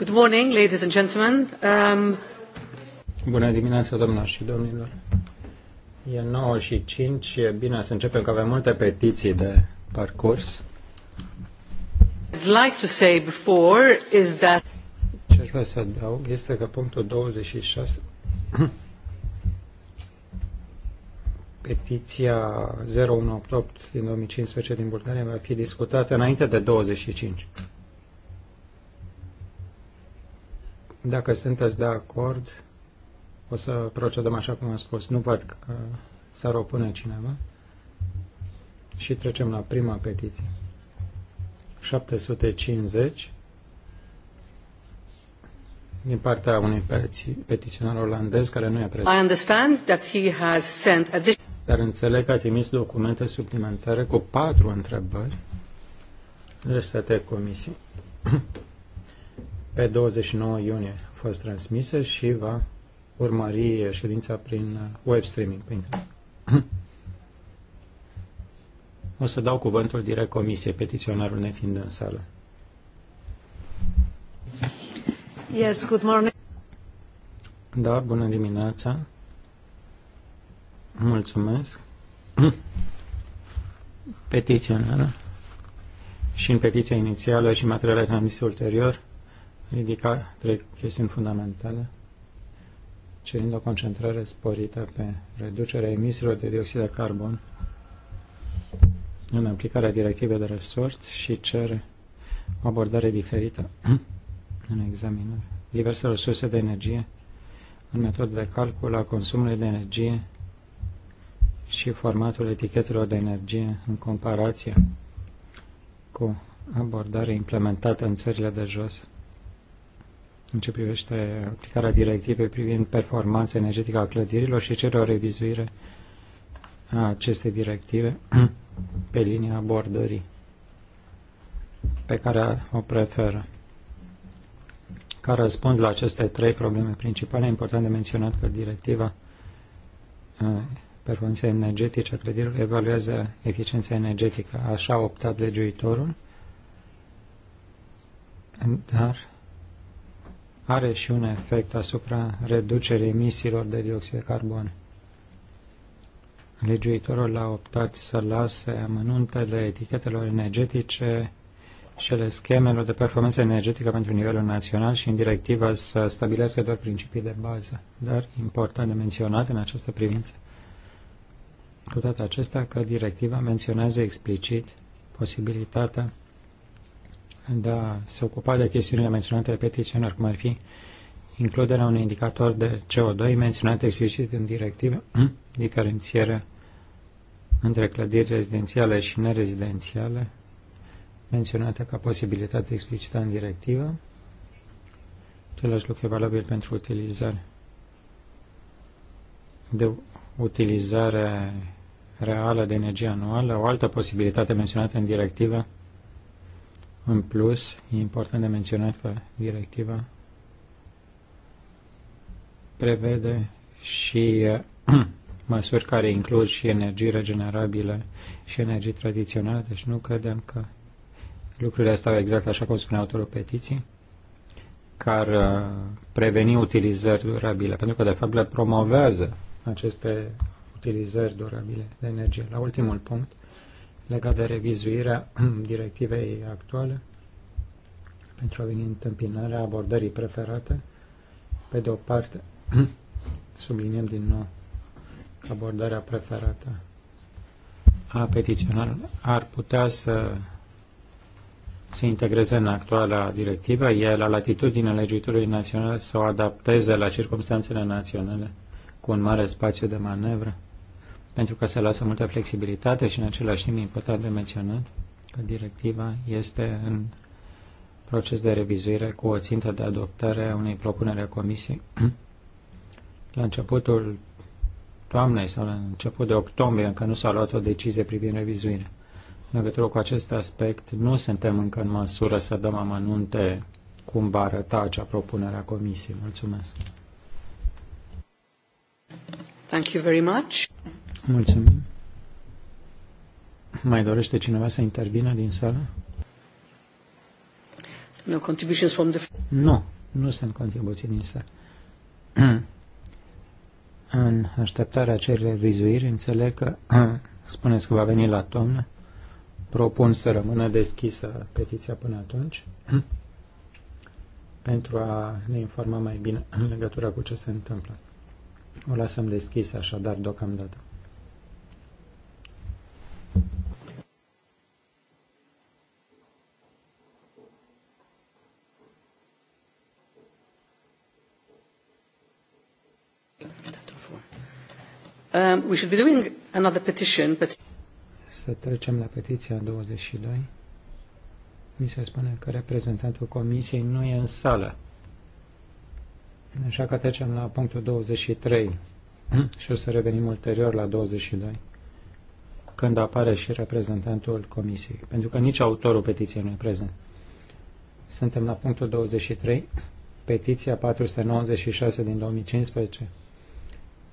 Good morning, ladies and gentlemen. Um... Bună dimineața, domnilor și domnilor. E 9 și 5, e bine să începem că avem multe petiții de parcurs. I'd like to say before is that ce aș vrea să adaug este că punctul 26 petiția 0188 din 2015 din Bulgaria va fi discutată înainte de 25. Dacă sunteți de acord, o să procedăm așa cum am spus. Nu văd că uh, s-ar opune cineva. Și trecem la prima petiție. 750 din partea unui petiționar olandez care nu e prezent. I understand that he has sent Dar înțeleg că a trimis documente suplimentare cu patru întrebări adresate comisie pe 29 iunie a fost transmisă și va urmări ședința prin uh, web streaming. O să dau cuvântul direct comisiei, petiționarul nefiind în sală. Yes, good morning. Da, bună dimineața. Mulțumesc. Petiționară. Și în petiția inițială și materialele transmise ulterior, ridica trei chestiuni fundamentale, cerind o concentrare sporită pe reducerea emisiilor de dioxid de carbon în aplicarea directivei de resort și cere o abordare diferită în examinare diverse surse de energie în metodă de calcul a consumului de energie și formatul etichetelor de energie în comparație cu abordarea implementată în țările de jos în ce privește aplicarea directivei privind performanța energetică a clădirilor și cere o revizuire a acestei directive pe linia abordării pe care o preferă. Ca răspuns la aceste trei probleme principale, e important de menționat că directiva uh, performanței energetice a clădirilor evaluează eficiența energetică. Așa a optat legiuitorul, dar are și un efect asupra reducerii emisiilor de dioxid de carbon. Legiuitorul a optat să lase amănuntele etichetelor energetice și ale schemelor de performanță energetică pentru nivelul național și în directiva să stabilească doar principii de bază, dar important de menționat în această privință. Cu toate acestea că directiva menționează explicit posibilitatea de a se ocupa de chestiunile menționate de petiționar, cum ar fi includerea unui indicator de CO2 menționat explicit în directivă, diferențierea între clădiri rezidențiale și nerezidențiale, menționată ca posibilitate explicită în directivă, același lucru e valabil pentru utilizare de utilizare reală de energie anuală, o altă posibilitate menționată în directivă în plus, e important de menționat că directiva prevede și uh, măsuri care includ și energii regenerabile și energii tradiționale, deci nu credem că lucrurile astea, exact așa cum spune autorul petiției, că ar uh, preveni utilizări durabile, pentru că de fapt le promovează aceste utilizări durabile de energie. La ultimul punct, legat de revizuirea directivei actuale pentru a veni întâmpinarea abordării preferate. Pe de o parte, subliniem din nou abordarea preferată a petiționarului ar putea să se integreze în actuala directivă, e la latitudinea legitului național să o adapteze la circumstanțele naționale cu un mare spațiu de manevră pentru că se lasă multă flexibilitate și în același timp e important de menționat că directiva este în proces de revizuire cu o țintă de adoptare a unei propuneri a Comisiei la începutul toamnei sau la început de octombrie, încă nu s-a luat o decizie privind revizuire. În legătură cu acest aspect, nu suntem încă în măsură să dăm amănunte cum va arăta acea propunere a Comisiei. Mulțumesc! Thank you very much. Mulțumim. Mai dorește cineva să intervină din sală? No contributions from the... Nu, nu sunt contribuții din sală. În așteptarea acelei vizuiri, înțeleg că spuneți că va veni la toamnă. Propun să rămână deschisă petiția până atunci pentru a ne informa mai bine în legătură cu ce se întâmplă. O lasăm deschisă așadar deocamdată. Um, we should be doing another petition, but... Să trecem la petiția 22. Mi se spune că reprezentantul comisiei nu e în sală. Așa că trecem la punctul 23 și o să revenim ulterior la 22 când apare și reprezentantul comisiei, pentru că nici autorul petiției nu e prezent. Suntem la punctul 23, petiția 496 din 2015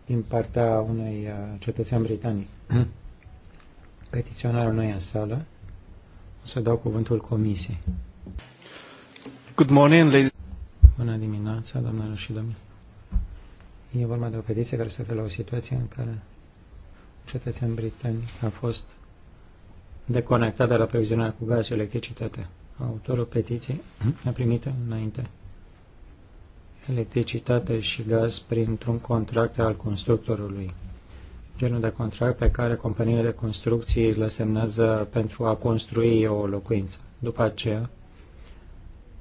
din partea unui uh, cetățean britanic. Petiționarul nu e în sală. O să dau cuvântul comisiei. Good morning, ladies. Bună dimineața, doamnelor și domnilor. E vorba de o petiție care se referă la o situație în care un cetățean britanic a fost deconectat de la previziunea cu gaz și electricitate. Autorul petiției a primit înainte electricitate și gaz printr-un contract al constructorului. Genul de contract pe care companiile de construcții le semnează pentru a construi o locuință. După aceea,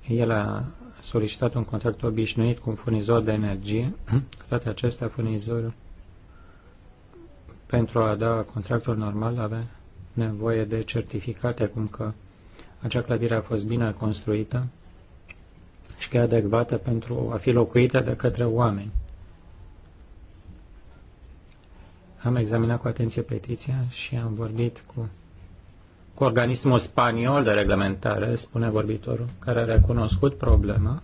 el a solicitat un contract obișnuit cu un furnizor de energie, cu toate acestea furnizorul pentru a da contractul normal avea nevoie de certificate cum că acea clădire a fost bine construită, și că e adecvată pentru a fi locuită de către oameni. Am examinat cu atenție petiția și am vorbit cu, cu organismul spaniol de reglementare, spune vorbitorul, care a recunoscut problema,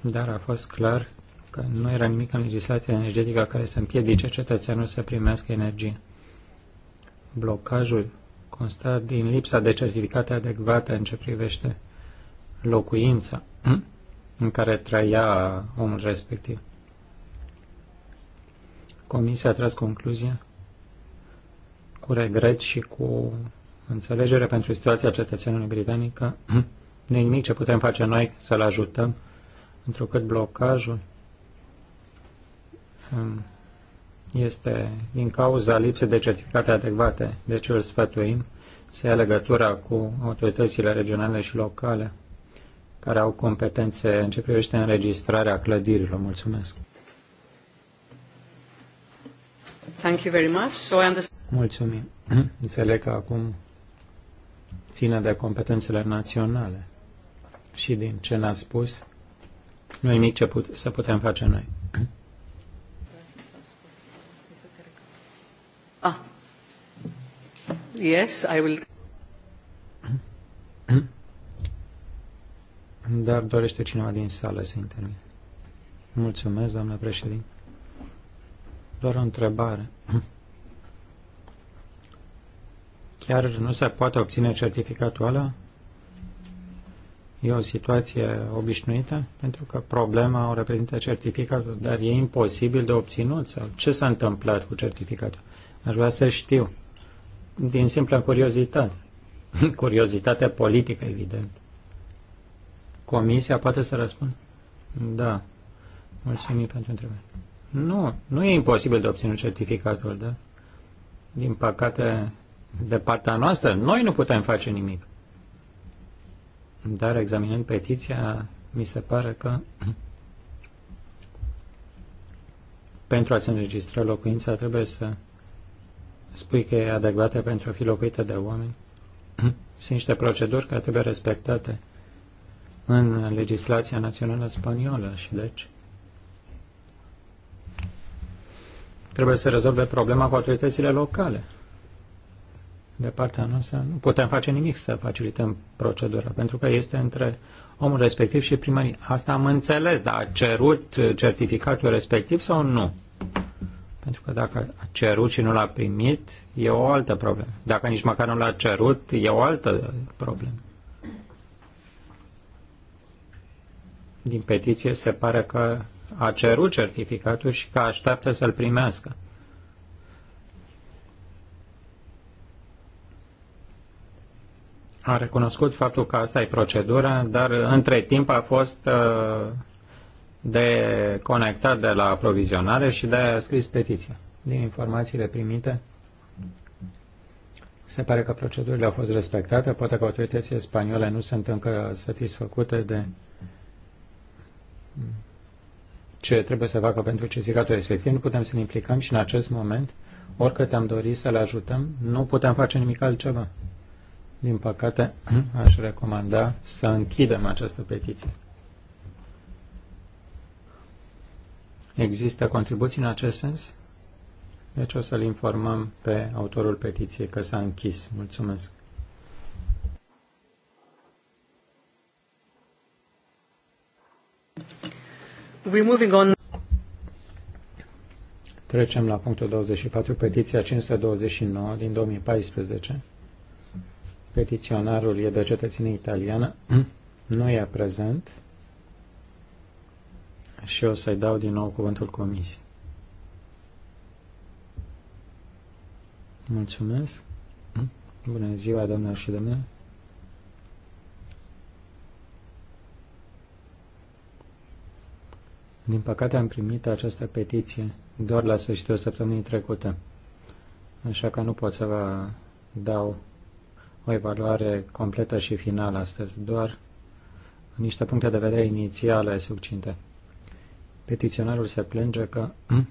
dar a fost clar că nu era nimic în legislația energetică care să împiedice cetățeanul să primească energie. Blocajul constat din lipsa de certificate adecvate în ce privește locuința în care trăia omul respectiv. Comisia a tras concluzia cu regret și cu înțelegere pentru situația cetățenului britanic că nu e nimic ce putem face noi să-l ajutăm, întrucât blocajul um, este din cauza lipsei de certificate adecvate, deci îl sfătuim să ia legătura cu autoritățile regionale și locale care au competențe în ce privește înregistrarea clădirilor. Mulțumesc. Thank you very much. So I understand... Mulțumim. Înțeleg că acum ține de competențele naționale și din ce ne-a spus, nu e nimic ce put- să putem face noi. Ah. Yes, I will. dar dorește cineva din sală să intervine. Mulțumesc, doamnă președinte. Doar o întrebare. Chiar nu se poate obține certificatul ăla? E o situație obișnuită? Pentru că problema o reprezintă certificatul, dar e imposibil de obținut? Sau ce s-a întâmplat cu certificatul? Aș vrea să știu. Din simplă curiozitate. Curiozitate politică, evident. Comisia poate să răspundă? Da. Mulțumim pentru întrebare. Nu, nu e imposibil de obținut certificatul, da? Din păcate, de partea noastră, noi nu putem face nimic. Dar examinând petiția, mi se pare că pentru a-ți înregistra locuința trebuie să spui că e adecvată pentru a fi locuită de oameni. Sunt niște proceduri care trebuie respectate în legislația națională spaniolă și deci trebuie să rezolve problema cu autoritățile locale. De partea noastră nu putem face nimic să facilităm procedura, pentru că este între omul respectiv și primărie. Asta am înțeles, dar a cerut certificatul respectiv sau nu? Pentru că dacă a cerut și nu l-a primit, e o altă problemă. Dacă nici măcar nu l-a cerut, e o altă problemă. din petiție se pare că a cerut certificatul și că așteaptă să-l primească. A recunoscut faptul că asta e procedura, dar între timp a fost uh, de conectat de la aprovizionare și de a scris petiția. Din informațiile primite, se pare că procedurile au fost respectate, poate că autoritățile spaniole nu sunt încă satisfăcute de ce trebuie să facă pentru certificatul respectiv, nu putem să ne implicăm și în acest moment, oricât am dorit să-l ajutăm, nu putem face nimic altceva. Din păcate, aș recomanda să închidem această petiție. Există contribuții în acest sens? Deci o să-l informăm pe autorul petiției că s-a închis. Mulțumesc! We're moving on. Trecem la punctul 24, petiția 529 din 2014. Petiționarul e de cetățenie italiană, nu e prezent și o să-i dau din nou cuvântul comisiei. Mulțumesc. Bună ziua, doamnelor și domnilor. Din păcate am primit această petiție doar la sfârșitul săptămânii trecute, așa că nu pot să vă dau o evaluare completă și finală astăzi, doar niște puncte de vedere inițiale succinte. Petiționarul se plânge că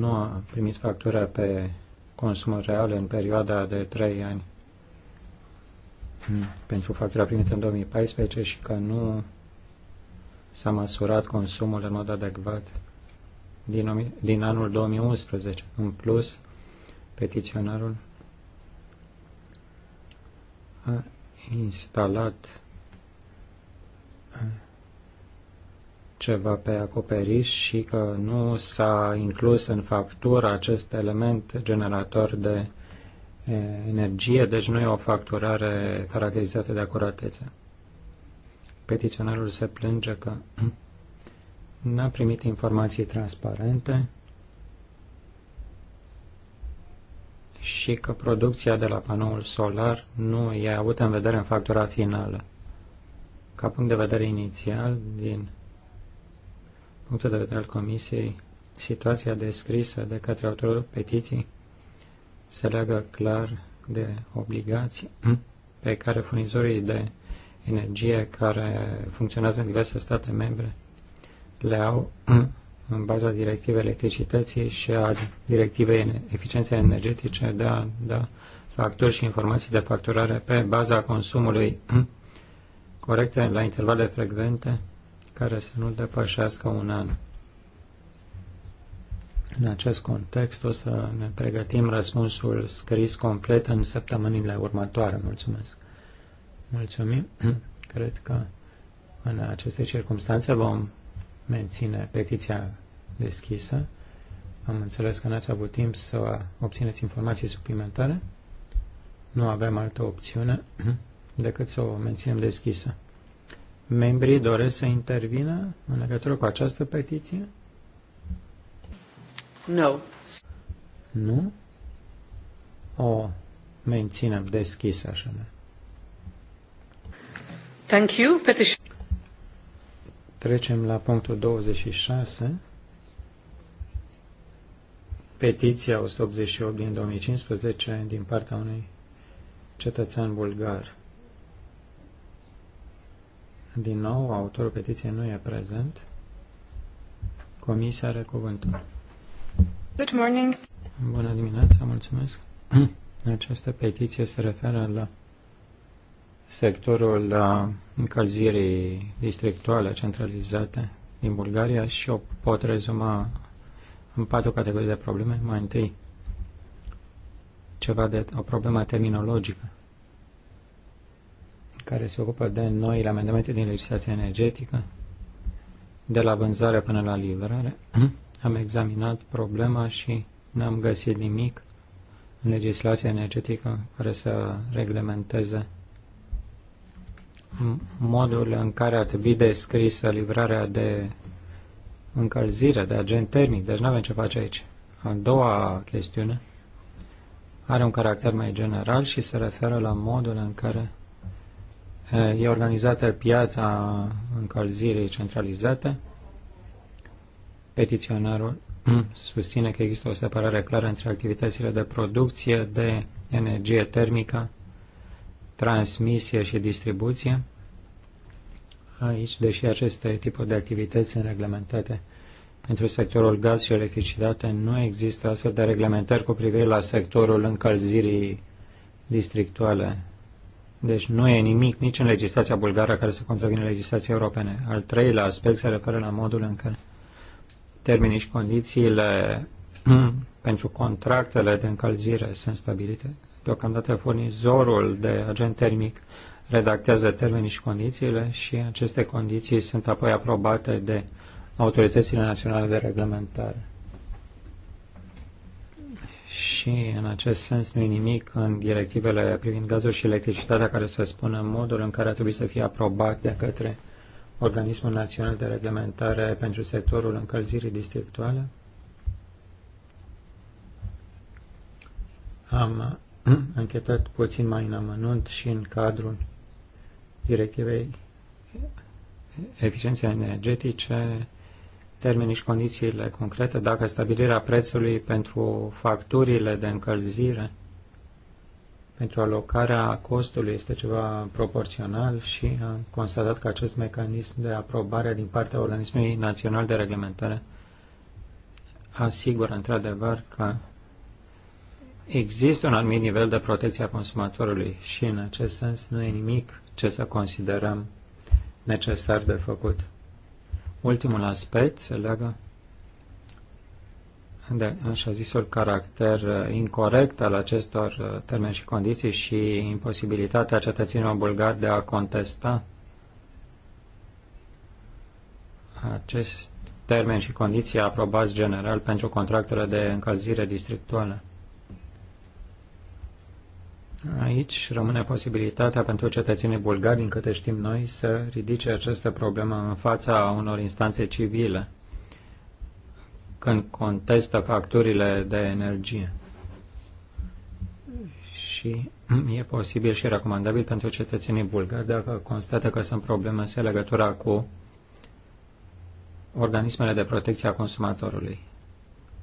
nu a primit factura pe consum real în perioada de 3 ani mm, pentru factura primită în 2014 și că nu s-a măsurat consumul în mod adecvat din, din anul 2011. În plus, petiționarul a instalat uh, ceva pe acoperiș și că nu s-a inclus în factură acest element generator de uh, energie, deci nu e o facturare caracterizată de acuratețe petiționarul se plânge că n-a primit informații transparente și că producția de la panoul solar nu e avută în vedere în factura finală. Ca punct de vedere inițial, din punctul de vedere al Comisiei, situația descrisă de către autorul petiției se leagă clar de obligații pe care furnizorii de energie care funcționează în diverse state membre le au în baza directivei electricității și a directivei eficienței energetice de a da facturi și informații de facturare pe baza consumului corecte la intervale frecvente care să nu depășească un an. În acest context o să ne pregătim răspunsul scris complet în săptămânile următoare. Mulțumesc! Mulțumim. Cred că în aceste circunstanțe vom menține petiția deschisă. Am înțeles că n-ați avut timp să obțineți informații suplimentare. Nu avem altă opțiune decât să o menținem deschisă. Membrii doresc să intervină în legătură cu această petiție? Nu. Nu? O menținem deschisă, așa. Thank you. Petition. Trecem la punctul 26. Petiția 188 din 2015 din partea unui cetățean bulgar. Din nou, autorul petiției nu e prezent. Comisia are cuvântul. Good morning. Bună dimineața, mulțumesc. Această petiție se referă la sectorul uh, încălzirii districtuale centralizate din Bulgaria și o pot rezuma în patru categorii de probleme. Mai întâi, ceva de o problemă terminologică care se ocupă de noile amendamente din legislația energetică, de la vânzare până la livrare. Am examinat problema și n-am găsit nimic în legislația energetică care să reglementeze modul în care ar trebui descrisă livrarea de încălzire, de agent termic. Deci nu avem ce face aici. A doua chestiune are un caracter mai general și se referă la modul în care e organizată piața încălzirii centralizate. Petiționarul susține că există o separare clară între activitățile de producție de energie termică transmisie și distribuție. Aici, deși aceste tipuri de activități sunt reglementate pentru sectorul gaz și electricitate, nu există astfel de reglementări cu privire la sectorul încălzirii districtuale. Deci nu e nimic nici în legislația bulgară care să contravine legislația europene. Al treilea aspect se referă la modul în care termenii și condițiile pentru contractele de încălzire sunt stabilite. Deocamdată furnizorul de agent termic redactează termenii și condițiile și aceste condiții sunt apoi aprobate de autoritățile naționale de reglementare. Și în acest sens nu e nimic în directivele privind gazul și electricitatea care să spună modul în care ar trebui să fie aprobat de către Organismul Național de Reglementare pentru sectorul încălzirii districtuale. Am Hm? anchetat puțin mai în amănunt și în cadrul directivei eficienței energetice, termenii și condițiile concrete, dacă stabilirea prețului pentru facturile de încălzire, pentru alocarea costului este ceva proporțional și am constatat că acest mecanism de aprobare din partea Organismului Național de Reglementare asigură într-adevăr că există un anumit nivel de protecție a consumatorului și în acest sens nu e nimic ce să considerăm necesar de făcut. Ultimul aspect se leagă de așa zisul caracter uh, incorrect al acestor uh, termeni și condiții și imposibilitatea cetățenilor bulgari de a contesta acest termen și condiții aprobați general pentru contractele de încălzire districtuală. Aici rămâne posibilitatea pentru cetățenii bulgari, din câte știm noi, să ridice această problemă în fața unor instanțe civile când contestă facturile de energie. Și e posibil și recomandabil pentru cetățenii bulgari dacă constată că sunt probleme în legătura cu organismele de protecție a consumatorului.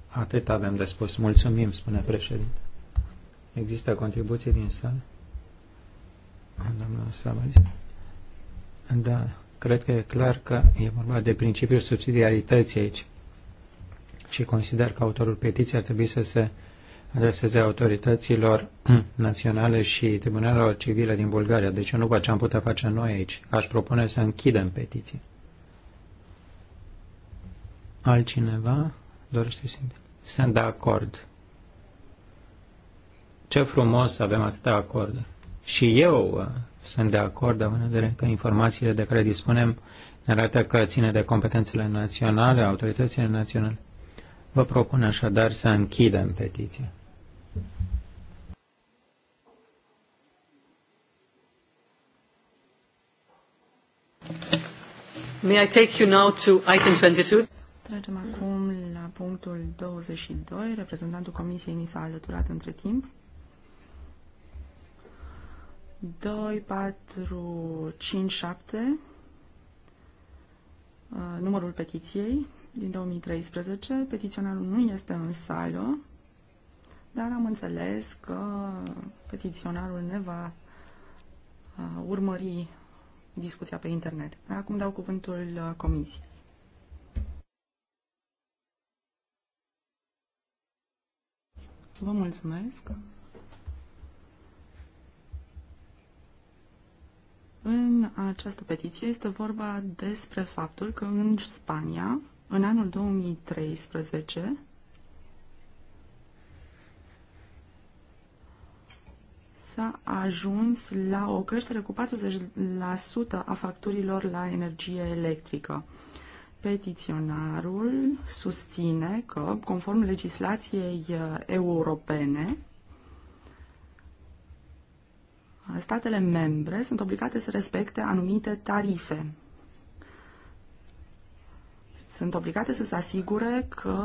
Atât avem de spus. Mulțumim, spune președinte. Există contribuții din sală? Da, cred că e clar că e vorba de principiul subsidiarității aici. Și consider că autorul petiției ar trebui să se adreseze autorităților naționale și tribunalelor civile din Bulgaria. Deci un nu ce am putea face noi aici. Aș propune să închidem petiții. Altcineva dorește să Sunt de acord ce frumos să avem atâtea acorduri. Și eu uh, sunt de acord, de vedere că informațiile de care dispunem ne arată că ține de competențele naționale, autoritățile naționale. Vă propun așadar să închidem petiția. May I take you now to item 22? Trecem acum la punctul 22. Reprezentantul Comisiei mi s-a alăturat între timp. 2, 4, 5, 7, numărul petiției din 2013. Petiționarul nu este în sală, dar am înțeles că petiționarul ne va uh, urmări discuția pe internet. Acum dau cuvântul uh, comisiei. Vă mulțumesc. În această petiție este vorba despre faptul că în Spania, în anul 2013, s-a ajuns la o creștere cu 40% a facturilor la energie electrică. Petiționarul susține că, conform legislației uh, europene, statele membre sunt obligate să respecte anumite tarife. Sunt obligate să se asigure că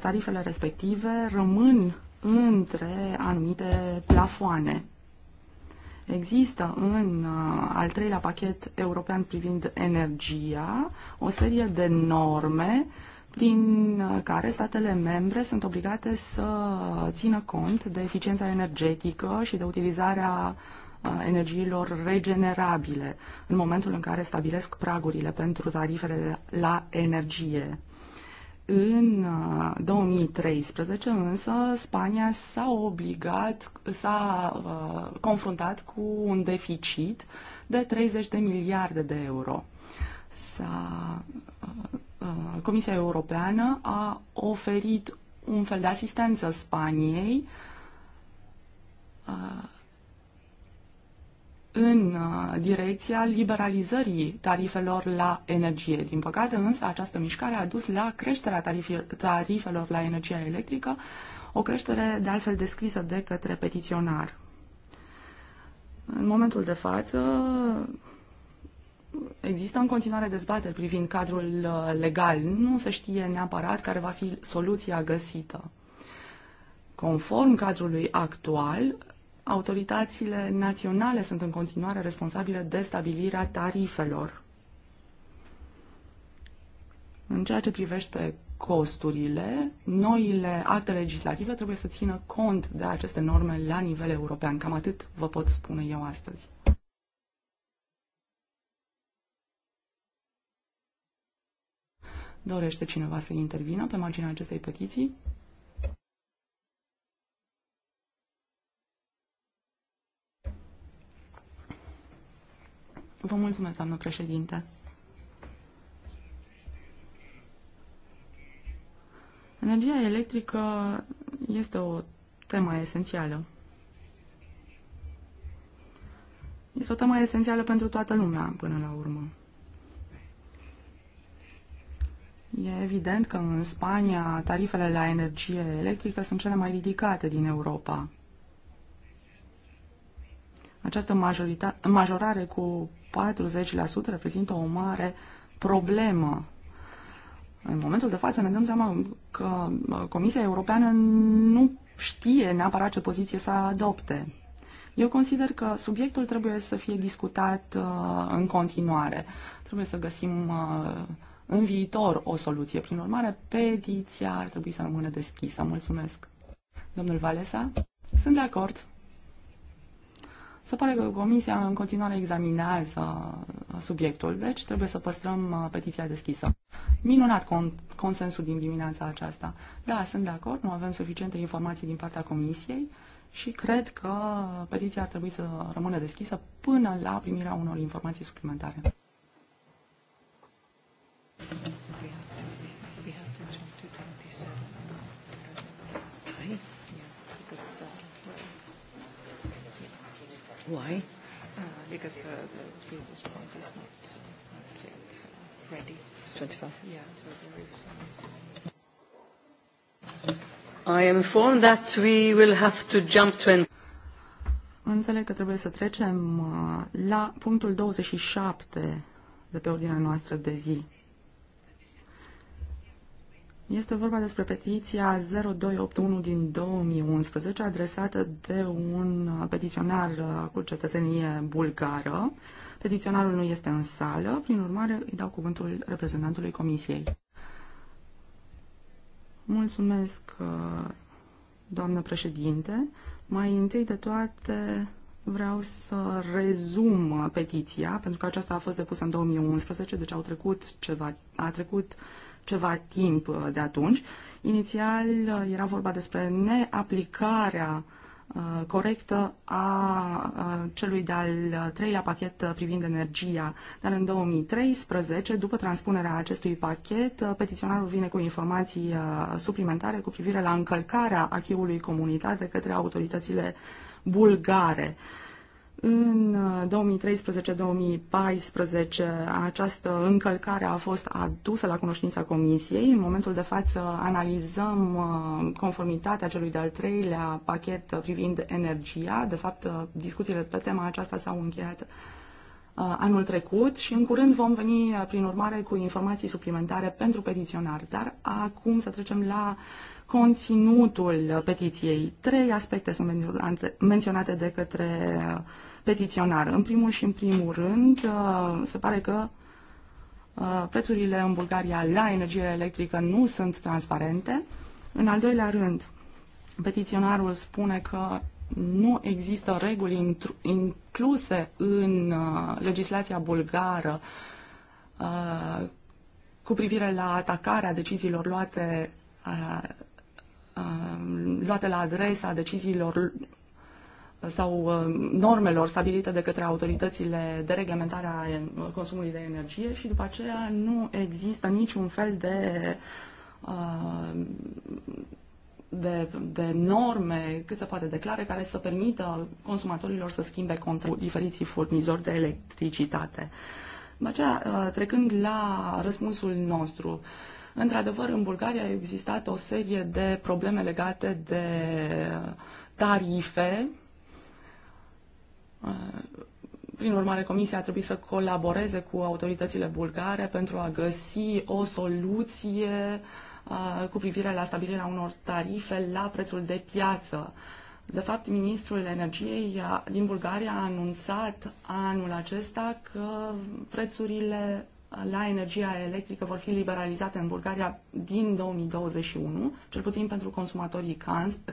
tarifele respective rămân între anumite plafoane. Există în uh, al treilea pachet european privind energia o serie de norme prin uh, care statele membre sunt obligate să țină cont de eficiența energetică și de utilizarea uh, energiilor regenerabile în momentul în care stabilesc pragurile pentru tarifele la energie. În 2013 uh, însă Spania s-a obligat, s-a uh, confruntat cu un deficit de 30 de miliarde de euro. S-a, uh, uh, Comisia Europeană a oferit un fel de asistență Spaniei uh, în uh, direcția liberalizării tarifelor la energie. Din păcate, însă, această mișcare a dus la creșterea tarifelor la energia electrică, o creștere de altfel descrisă de către petiționar. În momentul de față, există în continuare dezbateri privind cadrul uh, legal. Nu se știe neapărat care va fi soluția găsită. Conform cadrului actual, autoritățile naționale sunt în continuare responsabile de stabilirea tarifelor. În ceea ce privește costurile, noile acte legislative trebuie să țină cont de aceste norme la nivel european. Cam atât vă pot spune eu astăzi. Dorește cineva să intervină pe marginea acestei petiții? Vă mulțumesc, doamnă președinte. Energia electrică este o temă esențială. Este o temă esențială pentru toată lumea, până la urmă. E evident că în Spania tarifele la energie electrică sunt cele mai ridicate din Europa. Această majorare cu 40% reprezintă o mare problemă. În momentul de față ne dăm seama că uh, Comisia Europeană nu știe neapărat ce poziție să adopte. Eu consider că subiectul trebuie să fie discutat uh, în continuare. Trebuie să găsim uh, în viitor o soluție. Prin urmare, petiția ar trebui să rămână deschisă. Mulțumesc. Domnul Valesa, sunt de acord. Se pare că Comisia în continuare examinează subiectul, deci trebuie să păstrăm uh, petiția deschisă. Minunat con- consensul din dimineața aceasta. Da, sunt de acord, nu avem suficiente informații din partea Comisiei și cred că petiția ar trebui să rămână deschisă până la primirea unor informații suplimentare. Why? Uh, because the, the point is not, uh, yet uh, ready. It's 25. Yeah, so there is. I am informed that we will have to jump to an... Înțeleg că trebuie să trecem la punctul 27 de pe ordinea noastră de zi. Este vorba despre petiția 0281 din 2011, adresată de un petiționar cu cetățenie bulgară. Petiționarul nu este în sală, prin urmare îi dau cuvântul reprezentantului Comisiei. Mulțumesc, doamnă președinte. Mai întâi de toate, vreau să rezum petiția, pentru că aceasta a fost depusă în 2011, deci au trecut ceva, a trecut ceva timp uh, de atunci. Inițial uh, era vorba despre neaplicarea uh, corectă a celui de-al treilea pachet privind energia. Dar în 2013, după transpunerea acestui pachet, petiționarul vine cu informații suplimentare cu privire la încălcarea achiului comunitate către autoritățile bulgare. Uh, în 2013-2014 uh, această încălcare a fost adusă la cunoștința Comisiei. În momentul de față analizăm uh, conformitatea celui de-al treilea pachet privind energia. De fapt, uh, discuțiile pe tema aceasta s-au încheiat anul trecut și în curând vom veni, prin urmare, cu informații suplimentare pentru petiționari. Dar acum să trecem la conținutul petiției. Trei aspecte sunt menționate de către petiționar. În primul și în primul rând, uh, se pare că uh, prețurile în Bulgaria la energie electrică nu sunt transparente. În al doilea rând, petiționarul spune că nu există reguli incluse în uh, legislația bulgară cu privire la atacarea deciziilor luate luate la adresa deciziilor sau uh, normelor stabilite de către autoritățile de reglementare a consumului de energie și după aceea nu există niciun fel de uh, de, de norme cât se poate declare care să permită consumatorilor să schimbe contra cu diferiții furnizori de electricitate. După aceea, uh, trecând la răspunsul nostru, într-adevăr, în Bulgaria a existat o serie de probleme legate de tarife Uh, prin urmare, Comisia a trebuit să colaboreze cu autoritățile bulgare pentru a găsi o soluție uh, cu privire la stabilirea unor tarife la prețul de piață. De fapt, ministrul energiei uh, din Bulgaria a anunțat anul acesta că prețurile la energia electrică vor fi liberalizate în Bulgaria din 2021, cel puțin pentru consumatorii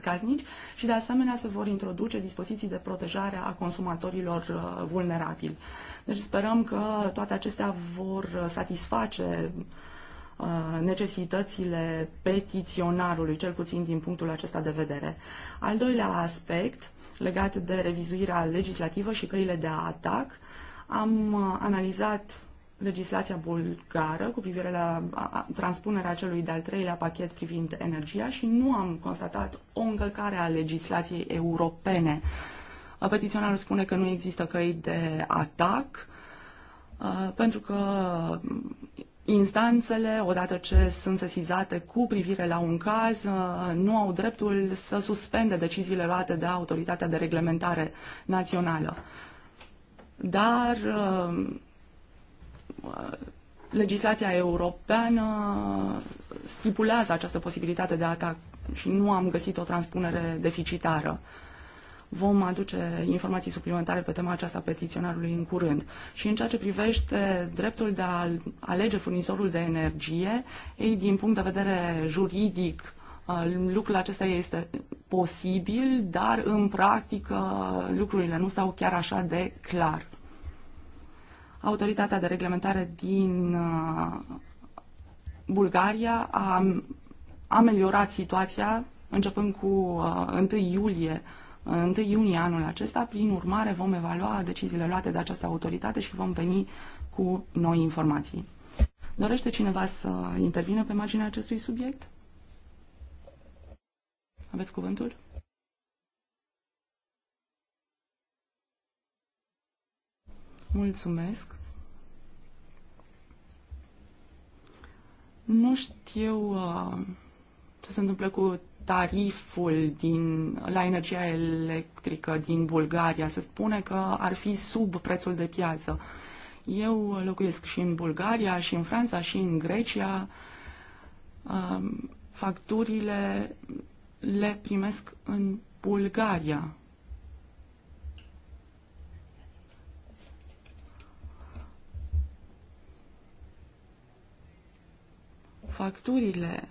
casnici, și de asemenea se vor introduce dispoziții de protejare a consumatorilor uh, vulnerabili. Deci sperăm că toate acestea vor satisface uh, necesitățile petiționarului, cel puțin din punctul acesta de vedere. Al doilea aspect legat de revizuirea legislativă și căile de atac, am uh, analizat legislația bulgară cu privire la transpunerea celui de-al treilea pachet privind energia și nu am constatat o încălcare a legislației europene. Petiționarul spune că nu există căi de atac pentru că instanțele, odată ce sunt sesizate cu privire la un caz, nu au dreptul să suspende deciziile luate de autoritatea de reglementare națională. Dar legislația europeană stipulează această posibilitate de atac și nu am găsit o transpunere deficitară. Vom aduce informații suplimentare pe tema aceasta petiționarului în curând. Și în ceea ce privește dreptul de a alege furnizorul de energie, ei, din punct de vedere juridic, uh, lucrul acesta este posibil, dar în practică lucrurile nu stau chiar așa de clar. Autoritatea de reglementare din uh, Bulgaria a ameliorat situația începând cu 1 uh, iulie 1 uh, iunie anul acesta, prin urmare vom evalua deciziile luate de această autoritate și vom veni cu noi informații. Dorește cineva să intervină pe marginea acestui subiect? Aveți cuvântul? Mulțumesc. Nu știu uh, ce se întâmplă cu tariful din, la energia electrică din Bulgaria. Se spune că ar fi sub prețul de piață. Eu locuiesc și în Bulgaria, și în Franța, și în Grecia. Uh, facturile le primesc în Bulgaria. facturile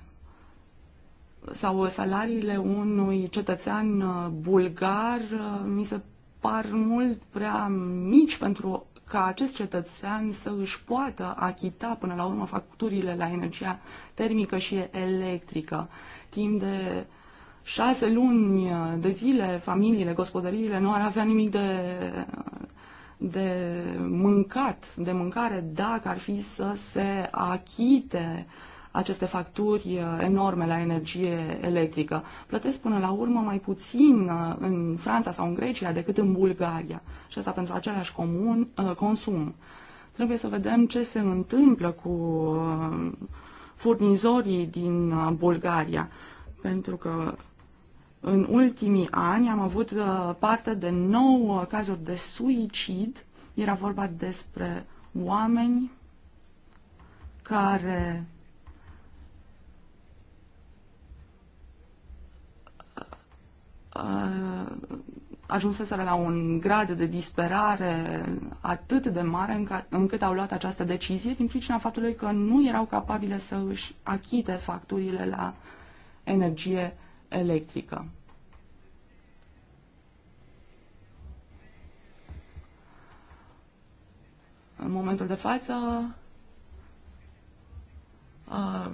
sau salariile unui cetățean uh, bulgar uh, mi se par mult prea mici pentru ca acest cetățean să își poată achita până la urmă facturile la energia termică și electrică. Timp de șase luni de zile, familiile, gospodăriile nu ar avea nimic de, de mâncat, de mâncare, dacă ar fi să se achite uh, aceste facturi uh, enorme la energie electrică. Plătesc până la urmă mai puțin uh, în Franța sau în Grecia decât în Bulgaria. Și asta pentru același comun, uh, consum. Trebuie să vedem ce se întâmplă cu furnizorii din Bulgaria. Pentru că în ultimii ani am avut parte de nouă cazuri de suicid. Era vorba despre oameni care Uh, ajunseseră la un grad de disperare atât de mare încât au luat această decizie din pricina faptului că nu erau capabile să își achite facturile la energie electrică. În momentul de față, uh,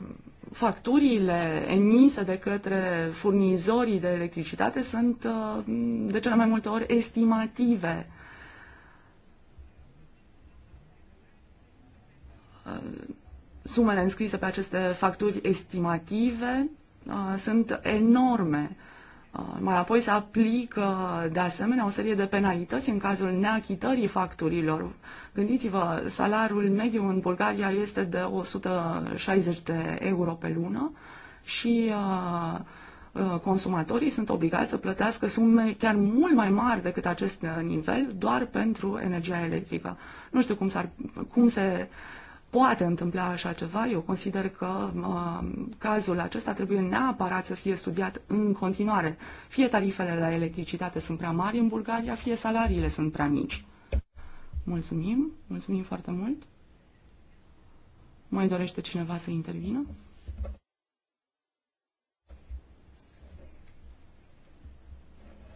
facturile emise de către furnizorii de electricitate sunt uh, de cele mai multe ori estimative. Uh, sumele înscrise pe aceste facturi estimative uh, sunt enorme. Uh, mai apoi se aplică de asemenea o serie de penalități în cazul neachitării facturilor. Gândiți-vă, salariul mediu în Bulgaria este de 160 de euro pe lună și uh, uh, consumatorii sunt obligați să plătească sume chiar mult mai mari decât acest nivel doar pentru energia electrică. Nu știu cum, cum se poate întâmpla așa ceva. Eu consider că uh, cazul acesta trebuie neapărat să fie studiat în continuare. Fie tarifele la electricitate sunt prea mari în Bulgaria, fie salariile sunt prea mici. Mulțumim, mulțumim foarte mult. Mai dorește cineva să intervină?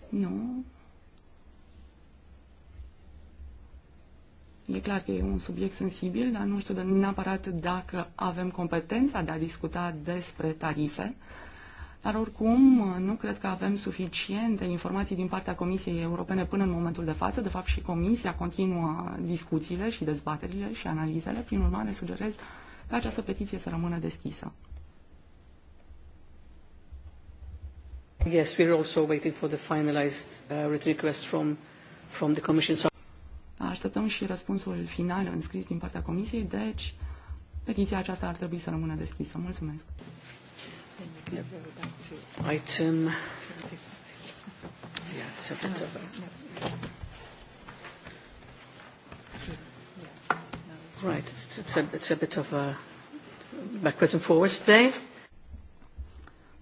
Nu, E clar că e un subiect sensibil, dar nu știu de neapărat dacă avem competența de a discuta despre tarife. Dar oricum, nu cred că avem suficiente informații din partea Comisiei Europene până în momentul de față. De fapt, și Comisia continuă discuțiile și dezbaterile și analizele. Prin urmare, sugerez ca această petiție să rămână deschisă. Yes, we are also waiting for the finalized uh, request from, from the Commission. So Așteptăm și răspunsul final înscris din partea comisiei, deci petiția aceasta ar trebui să rămână deschisă. Mulțumesc. Item. Right, it's a, it's a bit of a backwards and forwards day.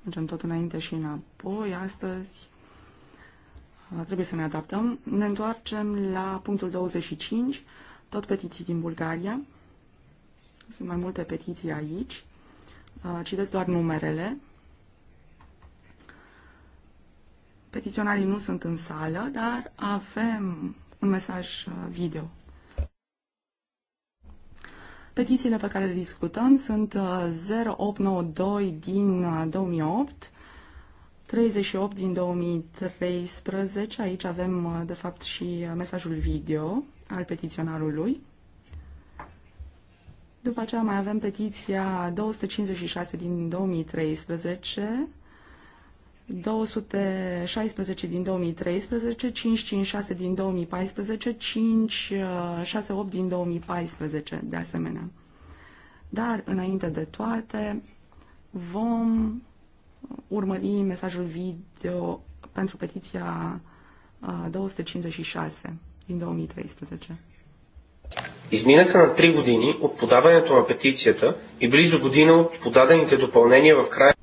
Mergem tot înainte și înapoi astăzi trebuie să ne adaptăm. Ne întoarcem la punctul 25, tot petiții din Bulgaria. Sunt mai multe petiții aici. Uh, citesc doar numerele. Petiționarii nu sunt în sală, dar avem un mesaj uh, video. Petițiile pe care le discutăm sunt 0892 uh, din 2008, 38 din 2013, aici avem uh, de fapt și uh, mesajul video al petiționarului. După aceea mai avem petiția 256 din 2013, 216 din 2013, 556 din 2014, 568 din 2014 de asemenea. Dar, înainte de toate, vom urmări mesajul video pentru petiția 256 din 2013. Изминаха на три години от подаването на петицията и близо година от подадените допълнения в края.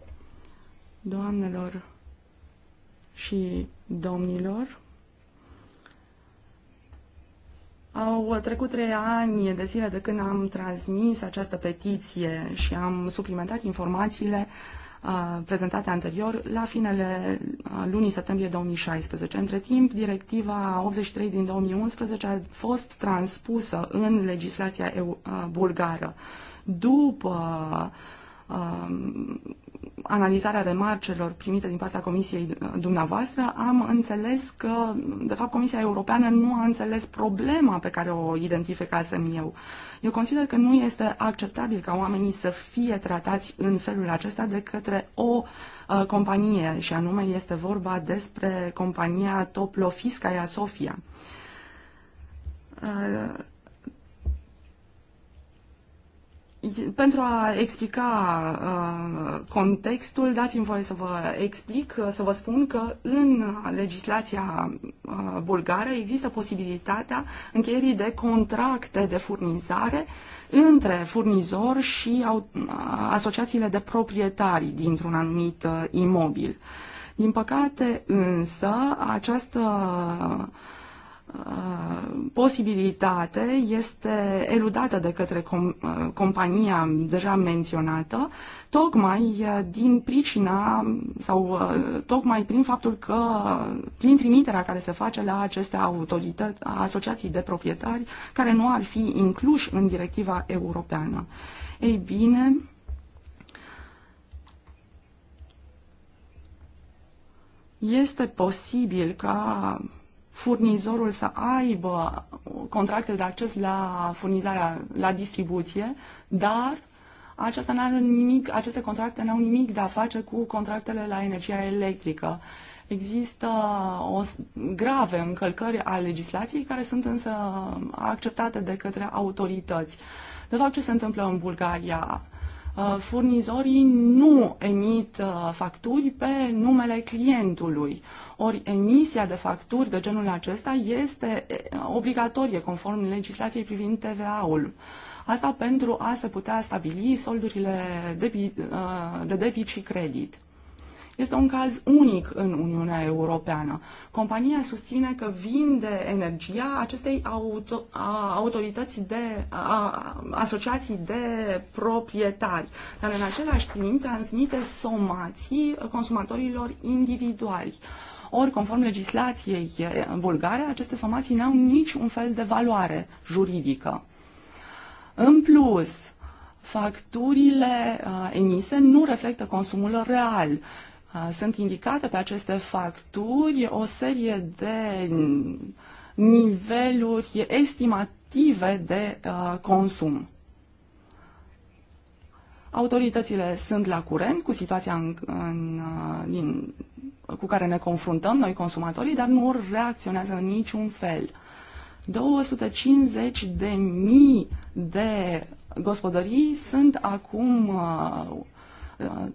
Доамнелор și domnilor, au trecut trei ani de zile de când am transmis această petiție și am suplimentat informațiile uh, prezentate anterior la finele lunii septembrie 2016. Între timp, directiva 83 din 2011 a fost transpusă în legislația bulgară. După uh, Um, analizarea remarcelor primite din partea Comisiei uh, dumneavoastră, am înțeles că, de fapt, Comisia Europeană nu a înțeles problema pe care o identificasem eu. Eu consider că nu este acceptabil ca oamenii să fie tratați în felul acesta de către o uh, companie, și anume este vorba despre compania Toplofiscaia Sofia. Uh, Pentru a explica uh, contextul, dați-mi voie să vă explic, uh, să vă spun că în legislația uh, bulgară există posibilitatea încheierii de contracte de furnizare între furnizor și uh, asociațiile de proprietari dintr-un anumit uh, imobil. Din păcate, însă, această uh, Uh, posibilitate este eludată de către com uh, compania deja menționată, tocmai uh, din pricina sau tocmai prin faptul că, prin trimiterea care se face la aceste autorități, asociații de proprietari, care nu ar fi incluși în directiva europeană. Ei bine, este posibil ca furnizorul să aibă contracte de acces la furnizarea, la distribuție, dar aceasta n-are nimic, aceste contracte n-au nimic de a face cu contractele la energia electrică. Există o grave încălcări a legislației care sunt însă acceptate de către autorități. De fapt, ce se întâmplă în Bulgaria? Uh, furnizorii nu emit uh, facturi pe numele clientului. Ori emisia de facturi de genul acesta este obligatorie conform legislației privind TVA-ul. Asta pentru a se putea stabili soldurile ă, de, debit și credit. Este un caz unic în Uniunea Europeană. Compania susține că vinde energia acestei auto, autorități de a, asociații de proprietari, dar în același timp transmite somații consumatorilor individuali. Uh, ori, conform legislației bulgare, aceste somații n-au niciun fel de valoare juridică. În plus, facturile uh, emise nu reflectă consumul real. Uh, sunt indicate pe aceste facturi o serie de niveluri estimative de uh, consum. Autoritățile sunt la curent cu situația în, în, din cu care ne confruntăm noi consumatorii, dar nu reacționează în niciun fel. 250 de mii de gospodării sunt acum uh, uh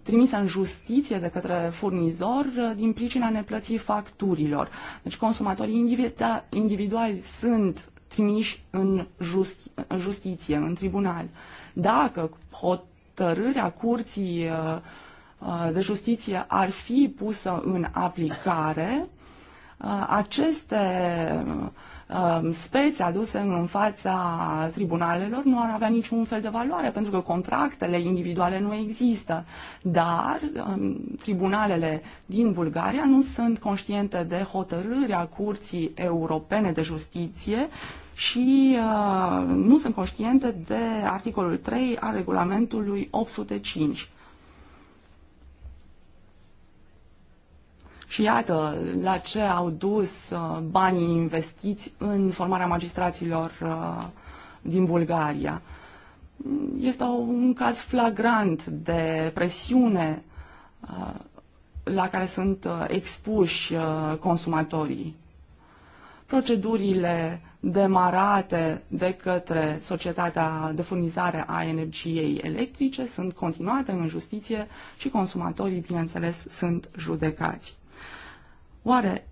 trimise în justiție de către furnizor uh, din pricina neplății facturilor. Deci consumatorii individuali sunt trimiși în justi- justiție, în tribunal. Dacă hotărârea curții uh, Uh, de justiție ar fi pusă în aplicare, uh, aceste uh, speți aduse în fața tribunalelor nu ar avea niciun fel de valoare, pentru că contractele individuale nu există. Dar um, tribunalele din Bulgaria nu sunt conștiente de hotărârea Curții Europene de Justiție și nu sunt conștiente de articolul 3 al regulamentului 805. Și iată la ce au dus uh, banii investiți în formarea magistraților uh, din Bulgaria. Este un caz flagrant de presiune uh, la care sunt expuși consumatorii. Procedurile demarate de către societatea de furnizare a energiei electrice sunt continuate în justiție și consumatorii, bineînțeles, sunt judecați. Oare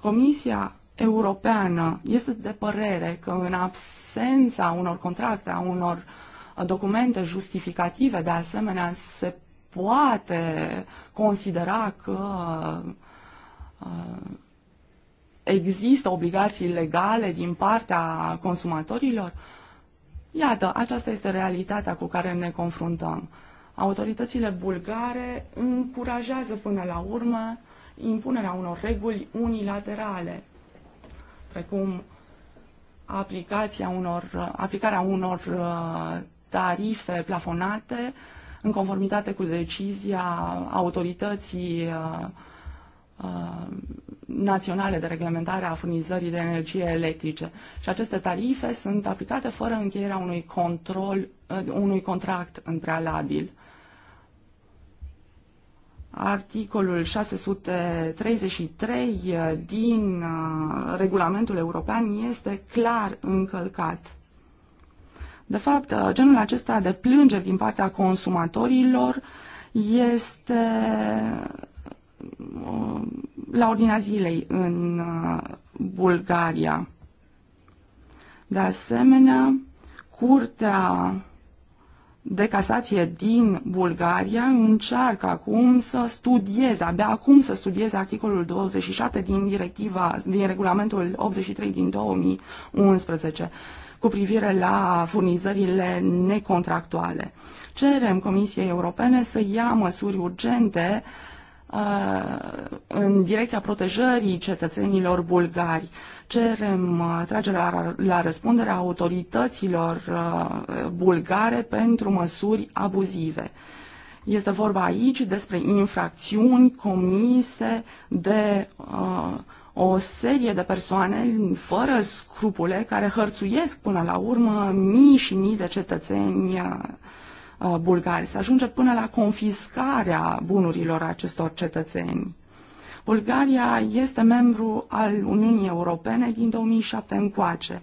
Comisia Europeană este de părere că în absența unor contracte, a unor documente justificative, de asemenea, se poate considera că uh, există obligații legale din partea consumatorilor? Iată, aceasta este realitatea cu care ne confruntăm. Autoritățile bulgare încurajează până la urmă impunerea unor reguli unilaterale, precum aplicația unor, aplicarea unor uh, tarife plafonate în conformitate cu decizia autorității uh, uh, naționale de reglementare a furnizării de energie electrice. Și aceste tarife sunt aplicate fără încheierea unui control, unui contract în prealabil. Uh, Articolul 633 uh, din uh, regulamentul european este clar încălcat. De fapt, uh, genul acesta de plânge din partea consumatorilor este la ordinea zilei în Bulgaria. De asemenea, Curtea de casație din Bulgaria încearcă acum să studieze, abia acum să studieze articolul 27 din directiva, din regulamentul 83 din 2011 cu privire la furnizările necontractuale. Cerem Comisiei Europene să ia măsuri urgente uh, Uh, în direcția protejării cetățenilor bulgari. Cerem uh, tragerea la răspundere a autorităților uh, bulgare pentru măsuri abuzive. Este vorba aici despre infracțiuni comise de uh, o serie de persoane fără scrupule care hărțuiesc până la urmă mii și mii de cetățeni Uh, bulgari. să ajunge până la confiscarea bunurilor acestor cetățeni. Bulgaria este membru al Uniunii Europene din 2007 încoace.